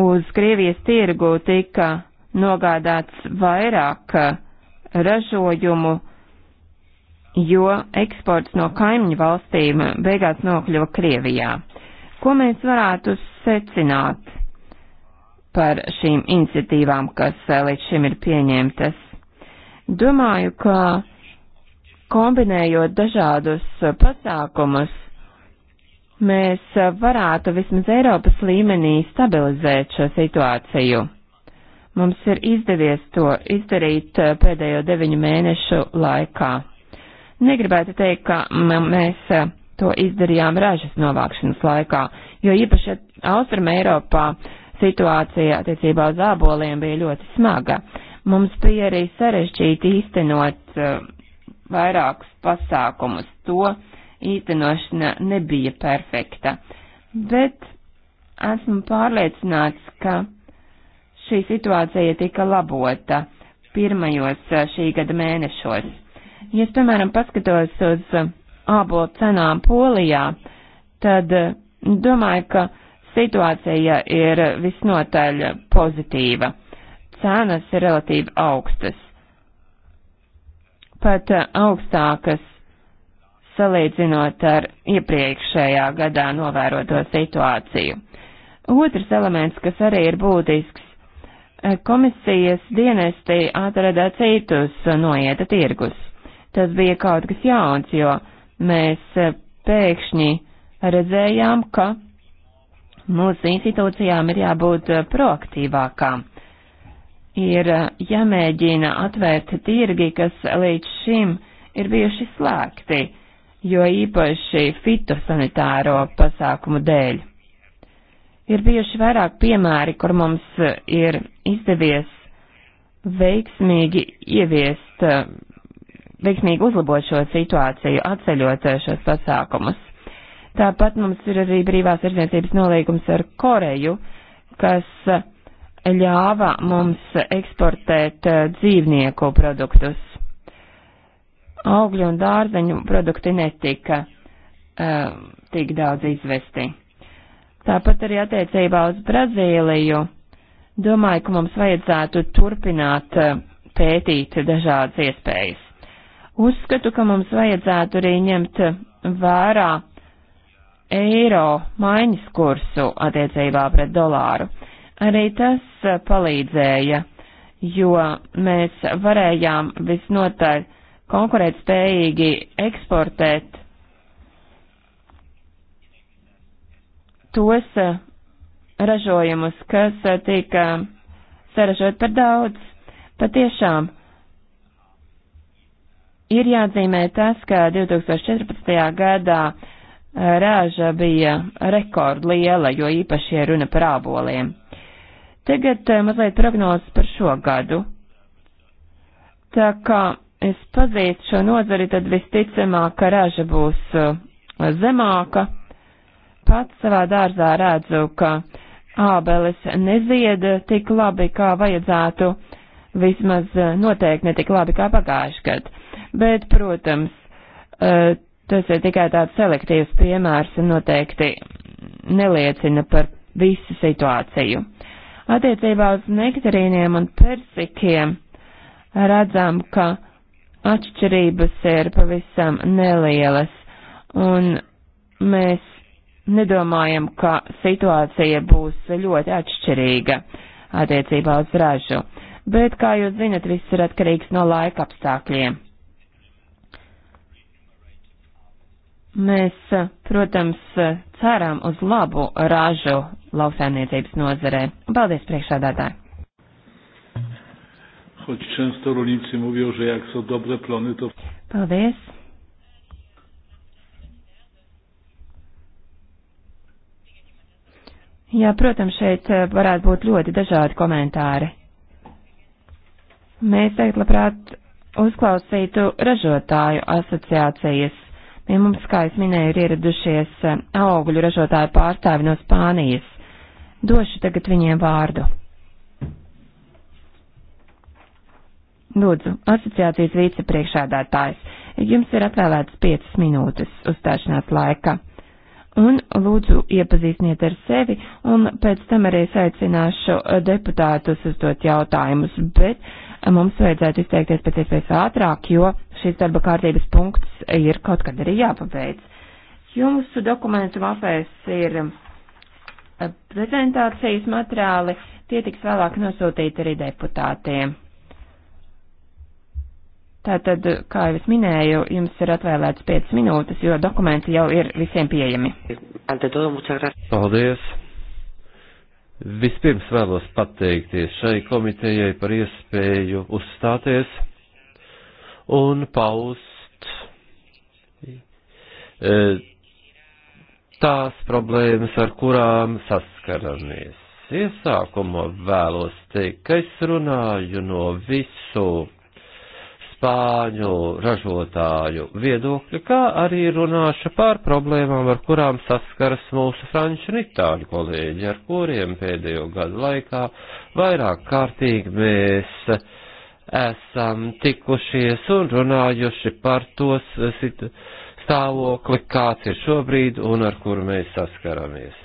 uz Krievijas tirgu tika nogādāts vairāk eh, ražojumu, jo eksports no kaimiņu valstīm beigās nokļuva Krievijā. Ko mēs varētu secināt par šīm iniciatīvām, kas eh, līdz šim ir pieņemtas? Domāju, ka kombinējot dažādus pasākumus, mēs varētu vismaz Eiropas līmenī stabilizēt šo situāciju. Mums ir izdevies to izdarīt eh, pēdējo deviņu mēnešu laikā. Negribētu teikt, ka mēs e, to izdarījām ražas novākšanas laikā, jo īpaši Austrum Eiropā situācija attiecībā uz āboliem bija ļoti smaga. Mums bija arī sarežģīti īstenot e, vairākus pasākumus. To īstenošana nebija perfekta, bet esmu pārliecināts, ka šī situācija tika labota pirmajos e, šī gada mēnešos. Ja es, piemēram, paskatos uz ābolu uh, cenām Polijā, tad uh, domāju, ka situācija ir visnotaļ pozitīva. Cenas ir relatīvi augstas, pat uh, augstākas salīdzinot ar iepriekšējā gadā novēroto situāciju. Otrs elements, kas arī ir būtisks, komisijas dienestī atrada citus noieta tirgus tas bija kaut kas jauns, jo mēs eh, pēkšņi redzējām, ka mūsu institūcijām ir jābūt eh, proaktīvākām. Ir eh, jāmēģina atvērt tirgi, kas līdz šim ir bijuši slēgti, jo īpaši fitosanitāro pasākumu dēļ. Ir bijuši vairāk piemēri, kur mums ir izdevies veiksmīgi ieviest veiksmīgi uzlabot šo situāciju, atceļot eh, šos pasākumus. Tāpat mums ir arī brīvās tirdzniecības nolīgums ar Koreju, kas eh, ļāva mums eksportēt eh, dzīvnieku produktus. Augļu un dārzeņu produkti netika uh, tik daudz izvesti. Tāpat arī attiecībā uz Brazīliju. Domāju, ka mums vajadzētu turpināt pētīt dažādas iespējas. Uzskatu, ka mums vajadzētu arī ņemt vērā eiro maiņas kursu attiecībā pret dolāru. Arī tas palīdzēja, jo mēs varējām visnotaļ konkurēt spējīgi eksportēt tos ražojumus, kas tika saražot par daudz. Patiešām Ir jāatzīmē tas, ka 2014. gadā eh, rāža bija rekordliela, jo īpaši ir runa par āboliem. Tagad eh, mazliet prognozes par šo gadu. Tā kā es pazīstu šo nozari, tad visticamāk, ka raža būs eh, zemāka. Pats savā dārzā redzu, ka ābeles nezieda tik labi, kā vajadzētu, vismaz noteikti ne tik labi kā pagājuši gadu. Bet, protams, eh, tas ir tikai tāds selektīvs piemērs un noteikti neliecina par visu situāciju. Attiecībā uz nektarīniem un persikiem redzam, ka atšķirības ir pavisam nelielas, un mēs nedomājam, ka situācija būs ļoti atšķirīga attiecībā uz ražu. Bet, kā jūs zinat, viss ir atkarīgs no laika apstākļiem. Mēs, protams, ceram uz labu ražu lauksaimniecības nozarē. Paldies priekšādātāji! Choć często rolnicy mówią, że jak są dobre plony, to... Paldies! Jā, protams, šeit eh, varētu būt ļoti dažādi komentāri. Mēs teikt, labprāt, uzklausītu ražotāju asociācijas Pie mums, kā es minēju, ir ieradušies eh, augļu ražotāju pārstāvi no Spānijas. Došu tagad viņiem vārdu. Lūdzu, asociācijas vicepriekšādātājs, jums ir atvēlētas 5 minūtes uzstāšanās laika. Un lūdzu iepazīstiniet ar sevi, un pēc tam arī es aicināšu eh, deputātus uzdot jautājumus, bet uh, mums vajadzētu izteikties pēc iespējas ātrāk, jo šis darba kārtības punkts ir kaut kad arī jāpabeidz. Jums dokumentu mapēs ir eh, prezentācijas materiāli, tie tiks vēlāk nosūtīti arī deputātiem. Tātad, kā jau es minēju, jums ir atvēlēts 5 minūtes, jo dokumenti jau ir visiem pieejami. Paldies! Vispirms vēlos pateikties šai komitejai par iespēju uzstāties un paust e, tās problēmas, ar kurām saskaramies. Iesākumā vēlos teikt, ka es runāju no visu spāņu ražotāju viedokļu, kā arī runāšu par problēmām, ar kurām saskaras mūsu franču un itāļu kolēģi, ar kuriem pēdējo gadu laikā vairāk kārtīgi mēs esam tikušies un runājuši par tos stāvokli, kāds ir šobrīd un ar kuru mēs saskaramies.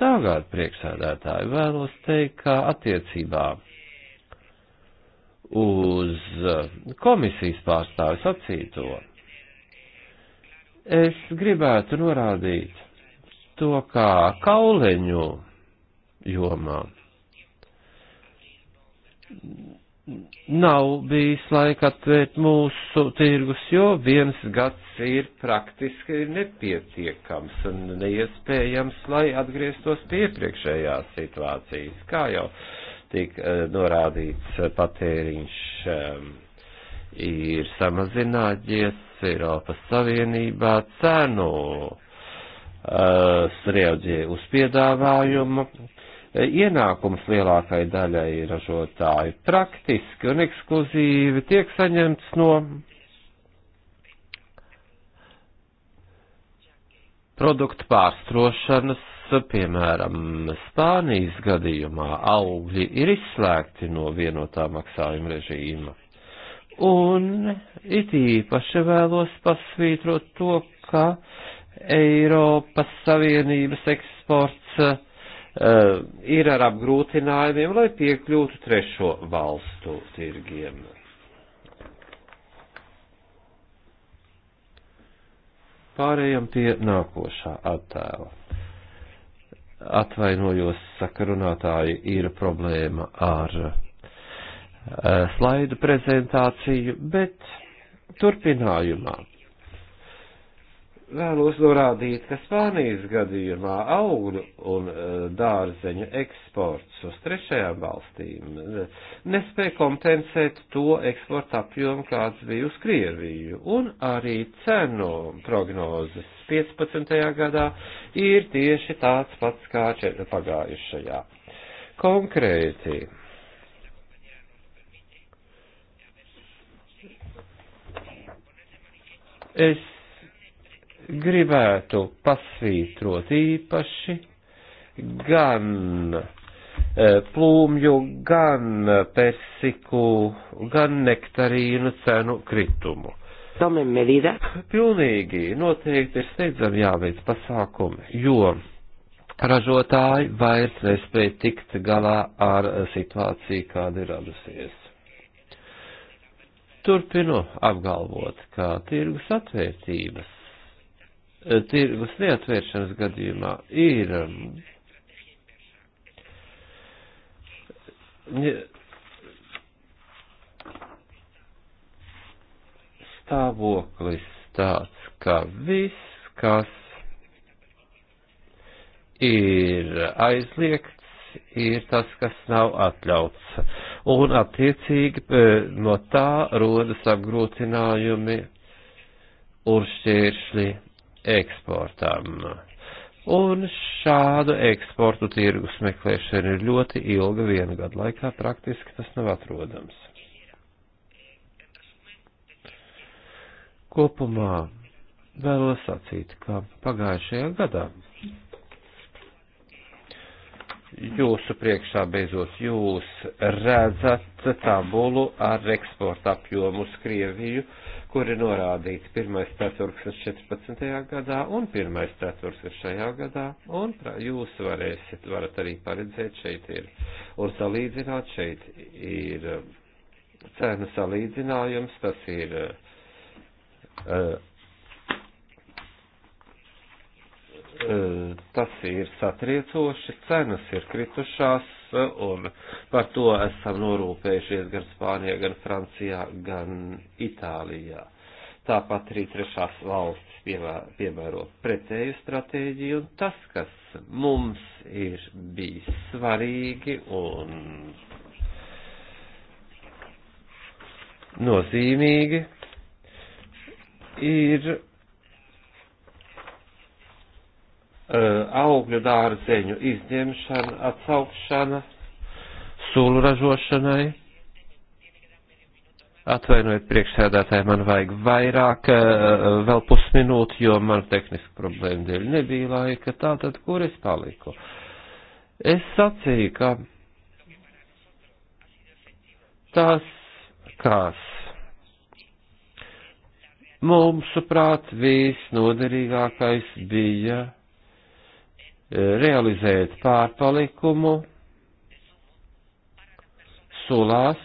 Tagad priekšsēdētāji vēlos teikt, ka attiecībām uz eh, komisijas pārstāvis sacīto. Es gribētu norādīt to kā kauleņu jomā. Nav bijis laika atvērt mūsu tirgus, jo viens gads ir praktiski nepietiekams un neiespējams, lai atgrieztos piepriekšējās situācijas, kā jau uh, tika eh, norādīts eh, patēriņš ehm, ir samazinājies Eiropas Savienībā cenu srieģie eh, uz piedāvājumu. Ienākums lielākai daļai ražotāju praktiski un ekskluzīvi tiek saņemts no produktu pārstrošanas piemēram, Spānijas gadījumā augļi ir izslēgti no vienotā maksājuma režīma. Un it īpaši vēlos pasvītrot to, ka Eiropas Savienības eksports uh, ir ar apgrūtinājumiem, lai piekļūtu trešo valstu tirgiem. Pārējām pie nākošā attēla. Atvainojos, saka runātāji, ir problēma ar eh, slaidu prezentāciju, bet turpinājumā vēlos norādīt, ka Spānijas gadījumā augļu un eh, dārzeņu eksports uz trešajām valstīm eh, nespēja kompensēt to eksporta apjomu, kāds bija uz Krieviju, un arī cenu prognozes 2015. gadā ir tieši tāds pats kā pagājušajā. Konkrēti. Es gribētu pasvītrot īpaši gan e, plūmju, gan persiku, gan nektarīnu cenu kritumu. Tomēr medida. Pilnīgi noteikti ir steidzami jāveic pasākumi, jo ražotāji vairs nespēja tikt galā ar situāciju, kāda ir radusies. Turpinu apgalvot, ka tirgus atvērtības, tirgus neatvēršanas gadījumā ir stāvoklis tāds, ka viss, kas ir aizliegts, ir tas, kas nav atļauts. Un attiecīgi e, no tā rodas apgrūtinājumi un šķēršļi eksportam. Un šādu eksportu tirgus meklēšana ir ļoti ilga, viena gada laikā praktiski tas nav atrodams. Kopumā vēlos sacīt, ka pagājušajā gadā jūsu priekšā beidzot jūs redzat tabulu ar eksporta apjomu uz Krieviju, kur ir norādīts 1. ceturksnis 14. gadā un 1. ceturksnis šajā gadā, un jūs varēsiet, varat arī paredzēt, šeit ir, un salīdzināt, šeit ir um, cenu salīdzinājums, tas ir uh, Eh, eh, tas ir satriecoši, cenas ir kritušās, eh, un par to esam norūpējušies gan Spānijā, gan Francijā, gan Itālijā. Tāpat arī trešās valstis piemēro pretēju stratēģiju, un tas, kas mums ir bijis svarīgi un nozīmīgi, ir e, augļu dārzeņu izņemšana, atsaukšana, sulu ražošanai. Atvainojiet, priekšsēdētāji, man vajag vairāk, e, vēl pusminūti, jo man tehniski problēma dēļ nebija laika. Tātad, kur es paliku? Es sacīju, ka tās, kās Mums, suprāt, visnoderīgākais bija e, realizēt pārpalikumu sulās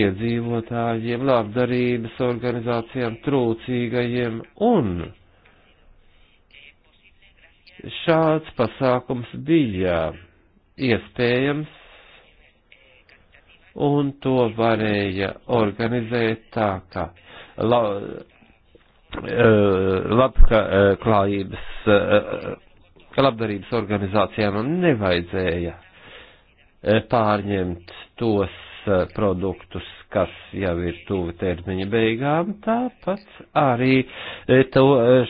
iedzīvotājiem, labdarības organizācijām, trūcīgajiem un šāds pasākums bija iespējams, un to varēja organizēt tā, ka la, eh, labklājības, eh, eh, labdarības organizācijām nevajadzēja pārņemt tos produktus, kas jau ir tuvu termiņa beigām, tāpat arī to,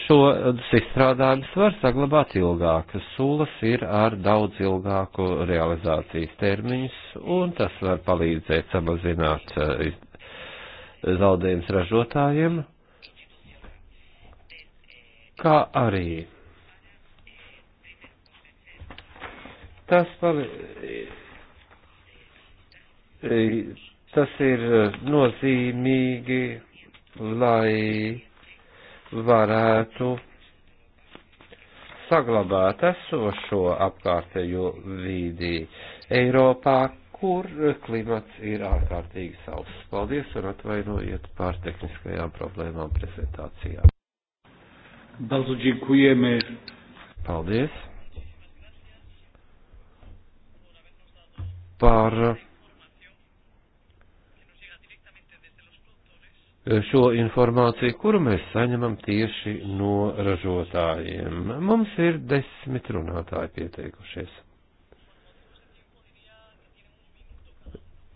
šos izstrādājumus var saglabāt ilgāk. Sulas ir ar daudz ilgāku realizācijas termiņus, un tas var palīdzēt samazināt zaudējums ražotājiem, kā arī tas, pali, tas ir nozīmīgi, lai varētu saglabāt esošo apkārtējo vīdī Eiropā, kur eh, klimats ir ārkārtīgi sauss. Paldies un atvainojiet par tehniskajām problēmām prezentācijā. Bardzo dziękujemy. Paldies. Par eh, šo informāciju, kuru mēs saņemam tieši no ražotājiem. Mums ir desmit runātāji pieteikušies.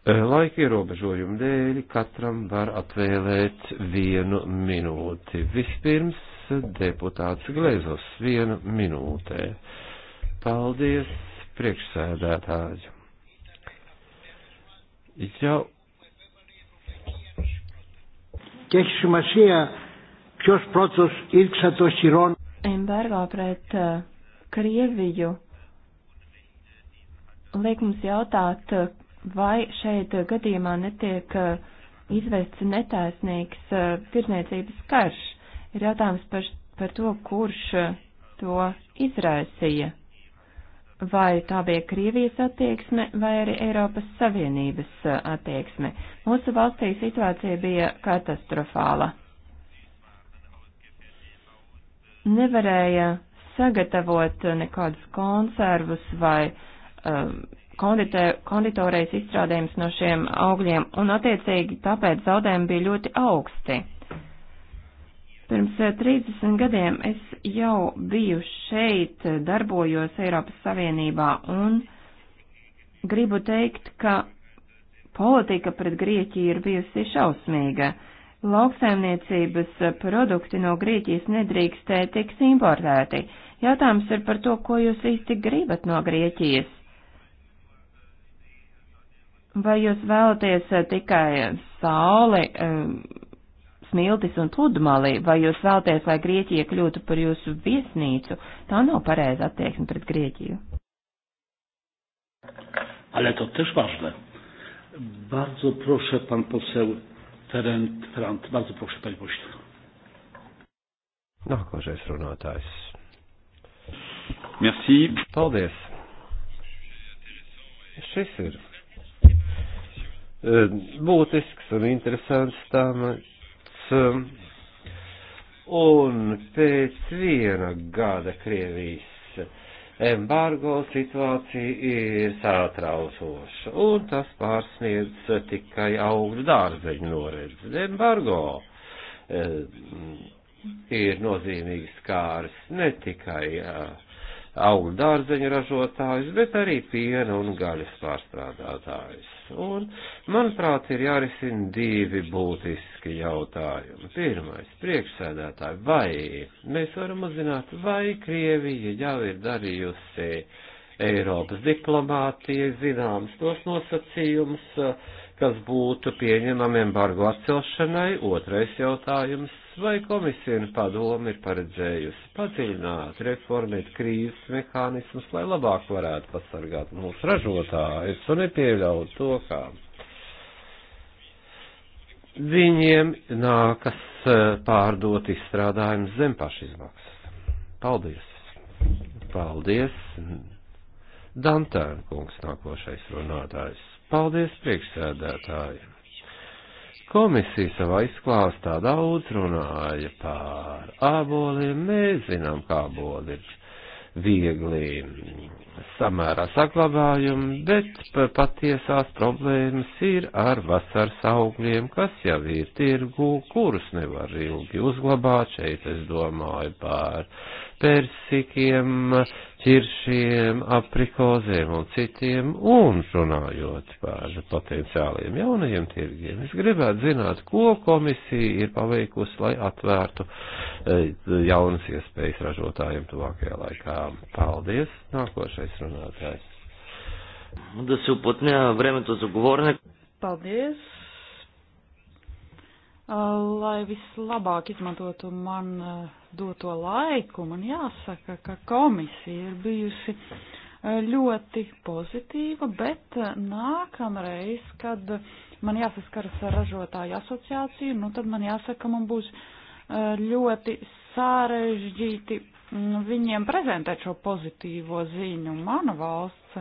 Eh, laika ierobežojumu dēļ katram var atvēlēt vienu minūti. Vispirms deputāts Glezos vienu minūtē. Paldies, priekšsēdētāji. Jau. Και έχει σημασία ποιος πρώτος ήρξα το χειρόν. Embargo pret eh, Krieviju liek mums jautāt, vai šeit gadījumā netiek eh, izvests netaisnīgs eh, tirzniecības karš. Ir jautājums par, par to, kurš eh, to izraisīja. Vai tā bija Krievijas attieksme vai arī Eiropas Savienības attieksme? Mūsu valstī situācija bija katastrofāla. Nevarēja sagatavot nekādus konservus vai um, konditorējas izstrādājums no šiem augļiem, un attiecīgi tāpēc zaudējumi bija ļoti augsti. Pirms 30 eh, gadiem es jau biju šeit, eh, darbojos Eiropas Savienībā, un gribu teikt, ka politika pret Grieķiju ir bijusi šausmīga. Lauksaimniecības eh, produkti no Grieķijas nedrīkstē tiks importēti. Jautājums ir par to, ko jūs īsti gribat no Grieķijas. Vai jūs vēlaties eh, tikai eh, sauli, eh, smiltis un pludmali, vai jūs vēlaties, lai Grieķija kļūtu par jūsu viesnīcu? Tā nav pareiza attieksme pret Grieķiju. Ale to też ważne. Bardzo proszę pan poseł Terent Frant. Bardzo proszę panie pośle. Nākošais runātājs. Merci. Paldies. Šis ir Eh, būtisks un interesants tāmats. Eh, un pēc viena gada Krievijas embargo situācija ir sātraucoša, un tas pārsniedz tikai augļu dārzeņu noredzi. Embargo e, ir nozīmīgs kārs ne tikai uh, augļu dārzeņu ražotājus, bet arī piena un gaļas pārstrādātājus. Un, manuprāt, ir jārisina divi būtiski jautājumi. Pirmais, priekšsēdētāji, vai mēs varam uzzināt, vai Krievija jau ir darījusi Eiropas diplomātija zināms tos nosacījumus, kas būtu pieņemami embargo atcelšanai. Otrais jautājums vai komisija un padoma ir paredzējusi padziļināt, reformēt krīzes mehānismus, lai labāk varētu pasargāt mūsu ražotājus un nepieļaut to, kā viņiem nākas eh, pārdot izstrādājumus zem pašizmaksas. Paldies! Paldies! Dantēna kungs nākošais runātājs. Paldies priekšsēdētājiem! Komisija savā izklāstā daudz runāja par āboliem. Mēs zinām, kā āboli ir viegli samērā saglabājumi, bet patiesās problēmas ir ar vasaras augļiem, kas jau ir tirgu, kurus nevar ilgi uzglabāt. Šeit es domāju par persikiem, ķiršiem, aprikozēm un citiem, un runājot par potenciāliem jaunajiem tirgiem. Es gribētu zināt, ko komisija ir paveikusi, lai atvērtu eh, jaunas iespējas ražotājiem tuvākajā laikā. Paldies! Nākošais runātājs. Да се уплътня времето за говорене. Paldies! Uh, lai vislabāk izmantotu man uh, doto laiku, man jāsaka, ka komisija ir bijusi uh, ļoti pozitīva, bet nākamreiz, kad man jāsaskaras ar ražotāju asociāciju, nu tad man jāsaka, man būs ļoti sarežģīti mm, viņiem prezentēt šo pozitīvo ziņu. Mana valsts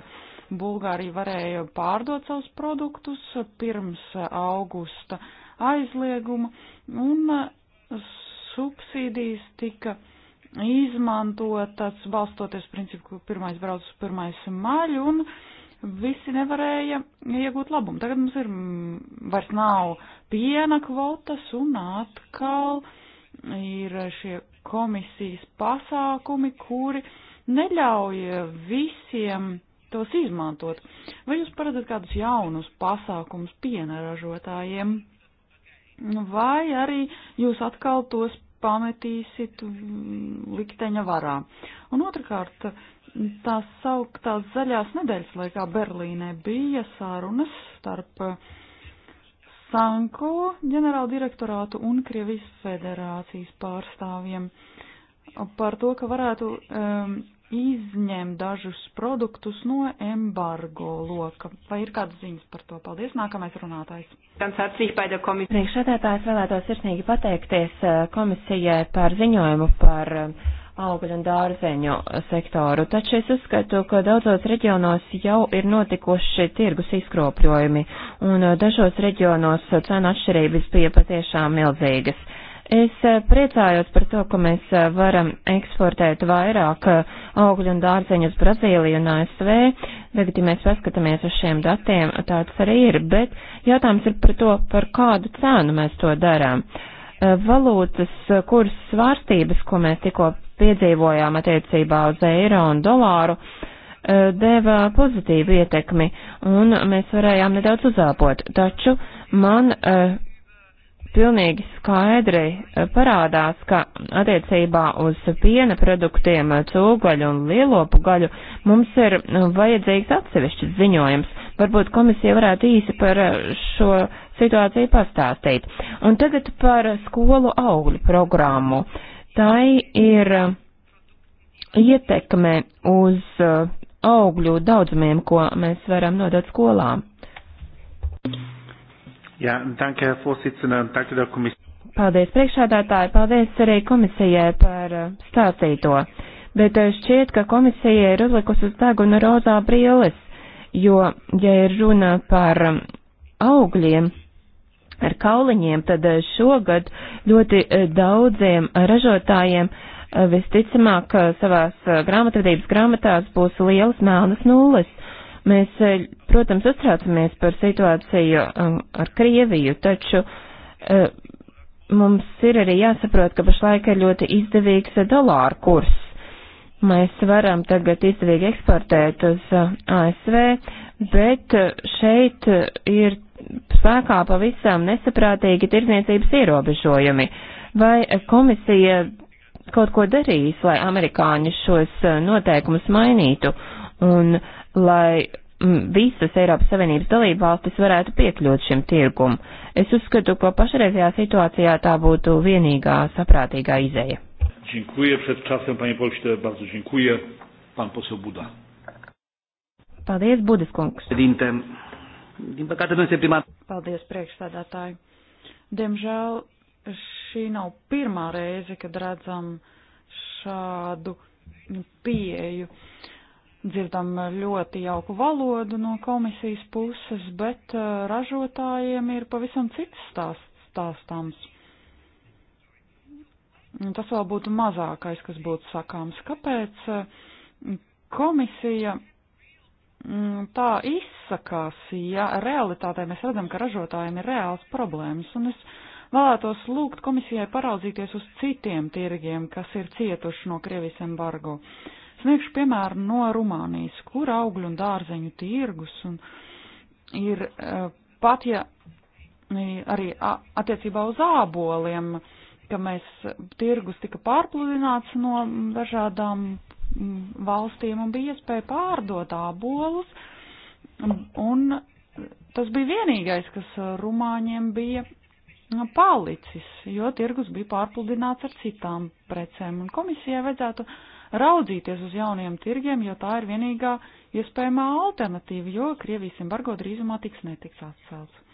Bulgārija varēja pārdot savus produktus pirms augusta aizlieguma, un uh, subsīdijas tika izmantotas balstoties principu, ka pirmais brauc uz pirmais maļu, un visi nevarēja iegūt labumu. Tagad mums ir mm, vairs nav piena kvotas, un atkal ir šie komisijas pasākumi, kuri neļauj visiem tos izmantot. Vai jūs paredzat kādus jaunus pasākumus piena ražotājiem? Nu, vai arī jūs atkal tos pametīsit likteņa varā. Un otrkārt, tās sauktās zaļās nedēļas laikā Berlīnē bija sārunas starp Sanko ģenerāldirektorātu un Krievijas federācijas pārstāvjiem par to, ka varētu um, izņem dažus produktus no embargo loka. Vai ir kādas ziņas par to? Paldies, nākamais runātājs. Priekšsēdētājs vēlētos sirsnīgi pateikties eh, komisijai par ziņojumu par eh, augļu un dārzeņu sektoru, taču es uzskatu, ka daudzos reģionos jau ir notikuši tirgus izkropļojumi, un eh, dažos reģionos cenu atšķirības bija patiešām milzīgas. Es eh, priecājos par to, ka mēs eh, varam eksportēt vairāk eh, augļu un dārzeņu uz Brazīliju un ASV. Tagad, ja mēs paskatāmies uz šiem datiem, tāds arī ir, bet jautājums ir par to, par kādu cenu mēs to darām. Valūtas kuras svārstības, ko mēs tikko piedzīvojām attiecībā uz eiro un dolāru, deva pozitīvu ietekmi, un mēs varējām nedaudz uzāpot. Taču man uh, pilnīgi skaidri eh, parādās, ka attiecībā uz piena produktiem, eh, cūgaļu un lielopu gaļu mums ir eh, vajadzīgs atsevišķs ziņojums. Varbūt komisija varētu īsi par šo situāciju pastāstīt. Un tagad par skolu augļu programmu. Tā ir ietekme uz augļu daudzumiem, ko mēs varam nodot skolām. Thank you. Jā, danke, Herr Vorsitzender, un danke, der Kommission. Paldies priekšādātāji, paldies arī komisijai par uh, stāstīto. Bet uh, šķiet, ka komisija ir uzlikusi uz deguna rozā brīlis, jo, ja ir runa par um, augļiem ar kauliņiem, tad uh, šogad ļoti daudziem ražotājiem visticamāk savās grāmatvedības grāmatās būs lielas melnas nulles Mēs, eh, protams, uztraucamies par situāciju um, ar Krieviju, taču eh, mums ir arī jāsaprot, ka pašlaik ir ļoti izdevīgs eh, dolāru kurs. Mēs varam tagad izdevīgi eksportēt uz ASV, bet šeit ir spēkā pavisam nesaprātīgi tirdzniecības ierobežojumi. Vai komisija kaut ko darīs, lai amerikāņi šos noteikumus mainītu? Un lai mm, visas Eiropas Savienības dalība valstis varētu piekļūt šim tirgum. Es uzskatu, ka pašreizajā situācijā tā būtu vienīgā saprātīgā izēja. Dziękuję. Przed czasem, panie pośle, bardzo dziękuję. Pan poseł Buda. Paldies, Budas kungs. Nu Paldies, priekšsēdētāji. Diemžēl šī nav pirmā reize, kad redzam šādu pieeju dzirdam ļoti jauku valodu no komisijas puses, bet uh, ražotājiem ir pavisam cits stāsts stāstāms. Tas vēl būtu mazākais, kas būtu sakāms. Kāpēc uh, komisija mm, tā izsakās, ja realitātē mēs redzam, ka ražotājiem ir reāls problēmas? Un es vēlētos lūgt komisijai paraudzīties uz citiem tirgiem, kas ir cietuši no Krievijas embargo. Uh, Sniegšu piemēru no Rumānijas, kur augļu un dārzeņu tirgus un ir eh, pat, ja eh, arī attiecībā uz āboliem, ka mēs tirgus tika pārpludināts no dažādām valstīm un bija iespēja pārdot ābolus. Un tas bija vienīgais, kas eh, rumāņiem bija palicis, jo tirgus bija pārpludināts ar citām precēm. Un komisijai vajadzētu uh, raudzīties uz jauniem tirgiem, jo tā ir vienīgā iespējamā alternatīva, jo Krievijas embargo drīzumā tiks netiks atcelts.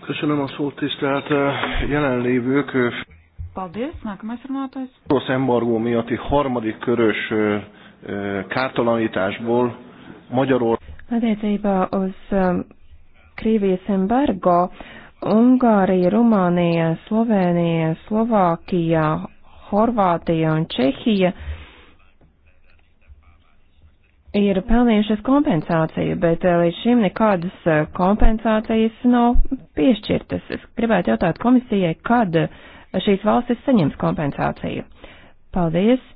Köszönöm a szót, tisztelt eh, jelenlévők. Paldies, nākamais runātājs. Orosz embargó miatti harmadik körös eh, eh, kártalanításból Magyarország. Attiecībā uz um, Krievijas embargo Ungārija, Rumānija, Slovenija, Slovākijā Horvātija un Čehija ir pelnījušas kompensāciju, bet eh, līdz šim nekādas eh, kompensācijas nav piešķirtas. Es gribētu jautāt komisijai, kad eh, šīs valstis saņems kompensāciju. Paldies!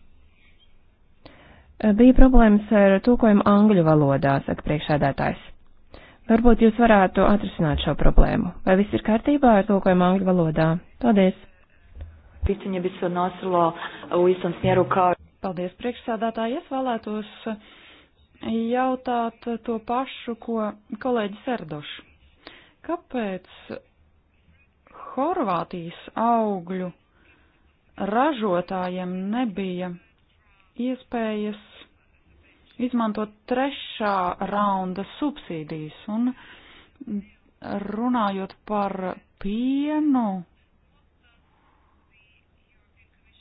Bija problēmas ar tūkojumu angļu valodā, saka priekšādātājs. Varbūt jūs varētu atrisināt šo problēmu. Vai viss ir kārtībā ar tūkojumu angļu valodā? Paldies! Pitanje bi se odnosilo u istom smjeru kao. Paldies, priekšsādātāji. Es vēlētos jautāt to pašu, ko kolēģis Erdoš. Kāpēc Horvātijas augļu ražotājiem nebija iespējas izmantot trešā raunda subsīdijas un runājot par pienu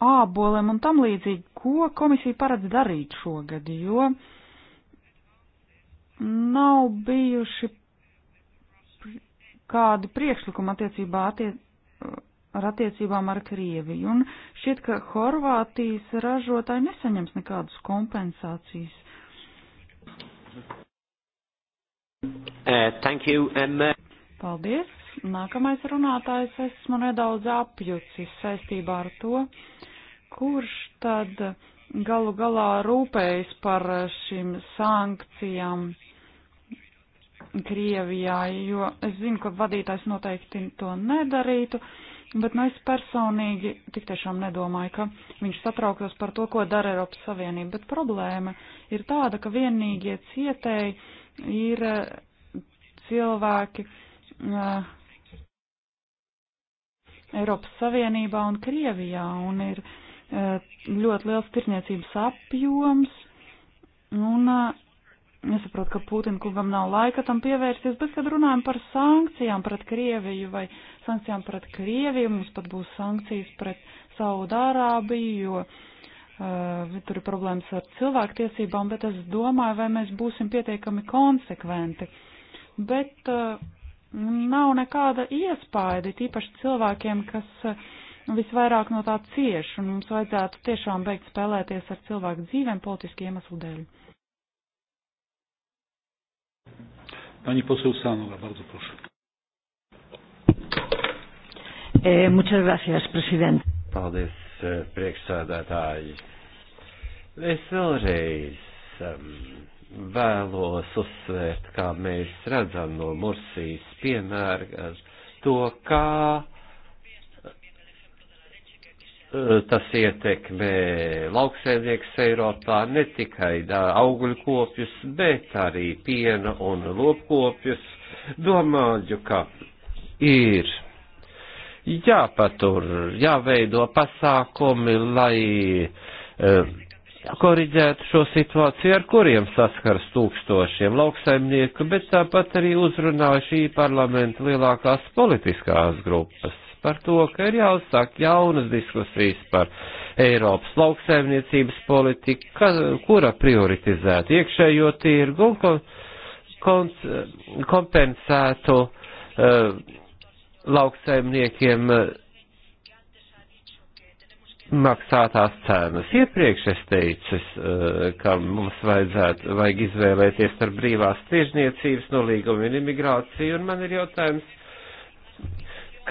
āboliem un tam līdzīgi, ko komisija paredz darīt šogad, jo nav bijuši kādi priekšlikumi attiecībā attie ar attiecībām ar Krieviju, un šķiet, ka Horvātijas ražotāji nesaņems nekādas kompensācijas. Uh, thank you, Emma. Um, uh, Paldies. Nākamais runātājs esmu nedaudz apjucis saistībā ar to, uh, kurš tad galu galā rūpējas par šīm sankcijām Krievijā, jo es zinu, ka vadītājs noteikti to nedarītu, bet nu, es personīgi tik tiešām nedomāju, ka viņš satrauktos par to, ko dara Eiropas Savienība, bet problēma ir tāda, ka vienīgie cietēji ir eh, cilvēki uh, Eiropas Savienībā un Krievijā, un ir uh, Eh, ļoti liels tirniecības apjoms, un eh, es saprotu, ka Putina kungam nav laika tam pievērsties, bet kad runājam par sankcijām pret Krieviju vai sankcijām pret Krieviju, mums pat būs sankcijas pret Saudārābiju, jo uh, tur ir problēmas ar cilvēktiesībām, bet es domāju, vai mēs būsim pietiekami konsekventi. Bet uh, nav nekāda iespēja, tīpaši cilvēkiem, kas uh, visvairāk no tā cieš, un mums vajadzētu tiešām beigt spēlēties ar cilvēku dzīvēm politiski iemeslu dēļ. Pani poseł Sanowa, bardzo proszę. E, muchas gracias, presidente. Paldies, e, priekšsēdētāji. Es vēlreiz um, vēlos uzsvērt, kā mēs redzam no Mursijas piemēra, to, kā uh, Eh, tas ietekmē lauksēmnieks Eiropā ne tikai augļkopjus, bet arī piena un lopkopjus. Domāju, ka ir jāpatur, jāveido pasākumi, lai eh, koriģētu šo situāciju, ar kuriem saskars tūkstošiem lauksaimnieku, bet tāpat arī uzrunāju šī parlamenta lielākās politiskās grupas par to, ka ir jāuzsāk jaunas diskusijas par Eiropas lauksaimniecības politiku, ka, kura prioritizētu iekšējo tirgu un ko, kon, kompensētu uh, lauksaimniekiem uh, maksātās cenas. Iepriekš es teicu, eh, ka mums vajadzētu, vajag izvēlēties ar brīvās tiežniecības nolīgumu un imigrāciju, un man ir jautājums,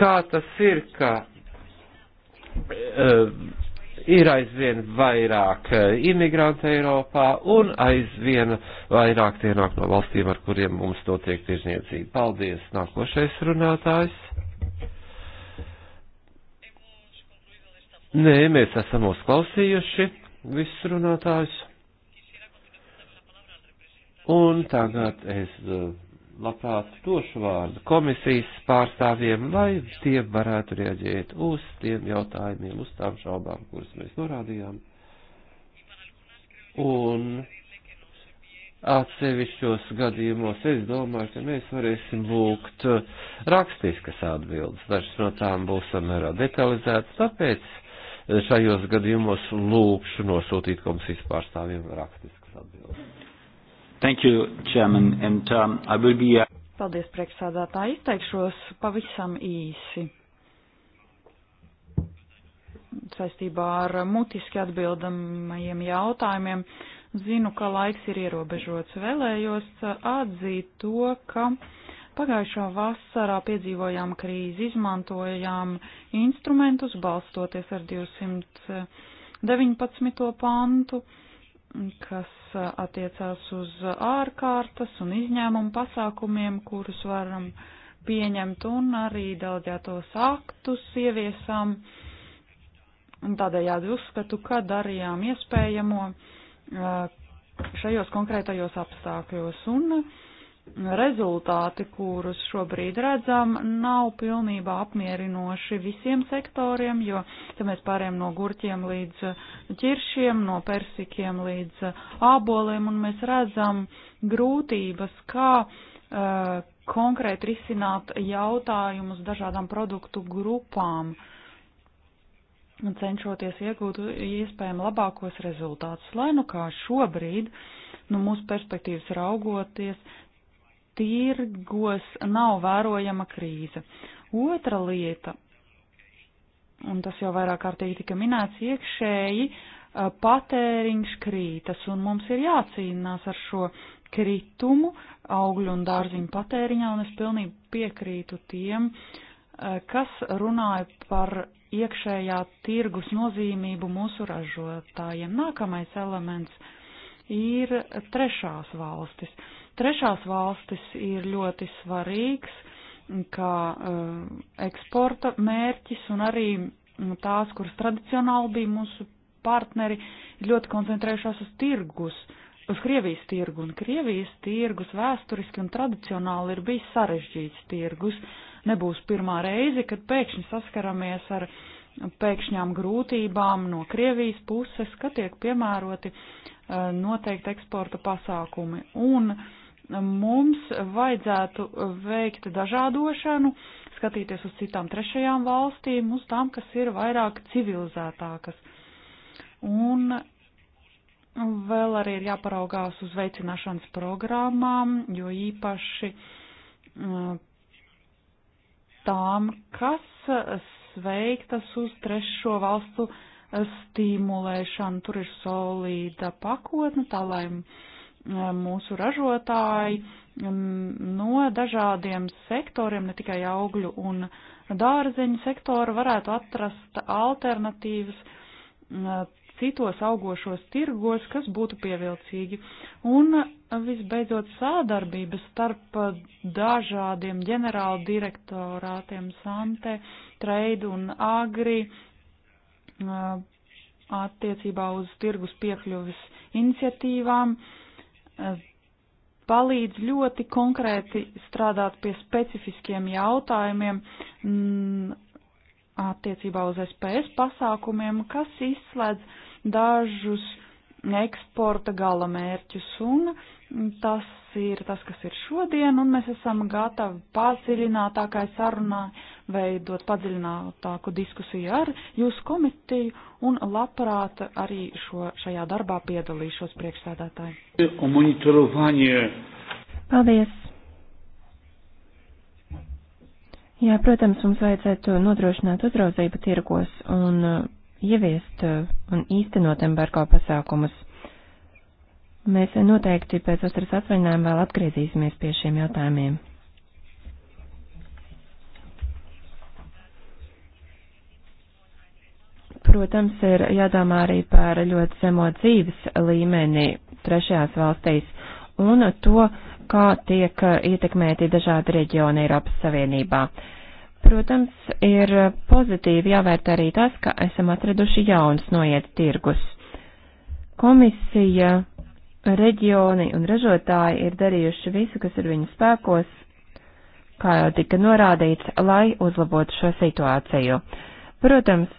kā tas ir, ka uh, ir aizvien vairāk eh, imigrantu Eiropā un aizvien vairāk tie nāk no valstīm, ar kuriem mums notiek tirzniecība. Paldies! Nākošais runātājs. Nē, mēs esam uzklausījuši visus runātājus. Un tagad es. Uh, labprāt došu vārdu komisijas pārstāvjiem, lai tie varētu rieģēt uz tiem jautājumiem, uz tām šaubām, kuras mēs norādījām. Un atsevišķos gadījumos es domāju, ka mēs varēsim lūgt rakstiskas atbildes. Dažas no tām būs samērā detalizētas, tāpēc šajos gadījumos lūkšu nosūtīt komisijas pārstāvjiem rakstiskas atbildes. Thank you, Chairman, and um, I will be. Uh... Paldies, priekšsādātāji. Izteikšos pavisam īsi saistībā ar mutiski atbildamajiem jautājumiem. Zinu, ka laiks ir ierobežots. Vēlējos uh, atzīt to, ka pagājušā vasarā piedzīvojām krīzi, izmantojām instrumentus, balstoties ar 219. Uh, pantu, kas uh, attiecās uz ārkārtas un izņēmumu pasākumiem, kurus varam pieņemt, un arī daudzētos aktus ieviesām. Tādējādi uzskatu, ka darījām iespējamo uh, šajos konkrētajos apstākļos. Un rezultāti, kurus šobrīd redzam, nav pilnībā apmierinoši visiem sektoriem, jo, ja mēs pārējām no gurķiem līdz ķiršiem, no persikiem līdz āboliem, un mēs redzam grūtības, kā uh, konkrēti risināt jautājumus dažādām produktu grupām, cenšoties iegūt iespējami labākos rezultātus. Lai nu kā šobrīd, no nu, mūsu perspektīvas raugoties, tirgos nav vērojama krīze. Otra lieta, un tas jau vairāk kārtīgi tika minēts iekšēji, patēriņš krītas, un mums ir jācīnās ar šo kritumu augļu un dārziņu patēriņā, un es pilnīgi piekrītu tiem, kas runāja par iekšējā tirgus nozīmību mūsu ražotājiem. Nākamais elements ir trešās valstis. Trešās valstis ir ļoti svarīgs, kā eh, eksporta mērķis un arī mm, tās, kuras tradicionāli bija mūsu partneri, ir ļoti koncentrējušās uz tirgus, uz Krievijas tirgu, un Krievijas tirgus vēsturiski un tradicionāli ir bijis sarežģīts tirgus. Nebūs pirmā reize, kad pēkšņi saskaramies ar pēkšņām grūtībām no Krievijas puses, ka tiek piemēroti eh, noteikti eksporta pasākumi. Un uh, mums vajadzētu veikt dažādošanu, skatīties uz citām trešajām valstīm, uz tām, kas ir vairāk civilizētākas. Un vēl arī ir jāparaugās uz veicināšanas programmām, jo īpaši uh, tām, kas sveiktas uz trešo valstu stimulēšanu, tur ir solīda pakotne, tā lai mūsu ražotāji no dažādiem sektoriem, ne tikai augļu un dārzeņu sektoru, varētu atrast alternatīvas citos augošos tirgos, kas būtu pievilcīgi. Un visbeidzot sādarbība starp dažādiem ģenerāla direktorātiem Sante, Trade un Agri attiecībā uz tirgus piekļuvis iniciatīvām. Uh, palīdz ļoti konkrēti strādāt pie specifiskiem jautājumiem mm, attiecībā uz SPS pasākumiem, kas izslēdz dažus eksporta galamērķus un Tas ir tas, kas ir šodien, un mēs esam gatavi padziļinātākai sarunā, veidot padziļinātāku diskusiju ar jūsu komiteju, un labprāt arī šo, šajā darbā piedalīšos priekšsēdētāji. Paldies! Jā, protams, mums vajadzētu nodrošināt uzraudzību tirgos un uh, ieviest uh, un īstenot embargo pasākumus. Mēs noteikti pēc vasaras atvaļinājuma vēl atgriezīsimies pie šiem jautājumiem. Protams, ir jādomā arī par ļoti zemo dzīves līmeni trešajās valstīs un to, kā tiek ietekmēti dažādi reģioni Eiropas Savienībā. Protams, ir pozitīvi jāvērt arī tas, ka esam atraduši jauns noiet tirgus. Komisija reģioni un ražotāji ir darījuši visu, kas ir viņu spēkos, kā jau tika norādīts, lai uzlabotu šo situāciju. Protams,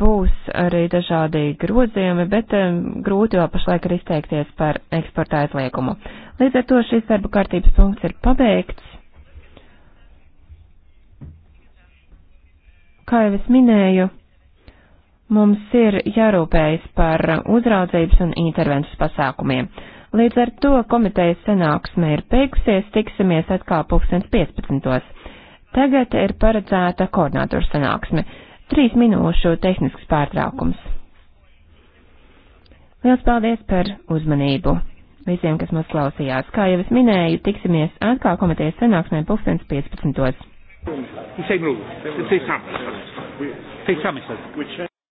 būs arī dažādi grozījumi, bet um, grūti jau pašlaik ir izteikties par eksporta aizliegumu. Līdz ar to šis darba kārtības punkts ir pabeigts. Kā jau es minēju, Mums ir jārūpējas par uzraudzības un intervences pasākumiem. Līdz ar to komitejas sanāksme ir beigusies, tiksimies atkal 2015. Tagad ir paredzēta koordinātoru sanāksme. Trīs minūšu tehnisks pārtraukums. Liels paldies par uzmanību! Visiem, kas mūs klausījās, kā jau es minēju, tiksimies atkal komitejas sanāksmē 2015.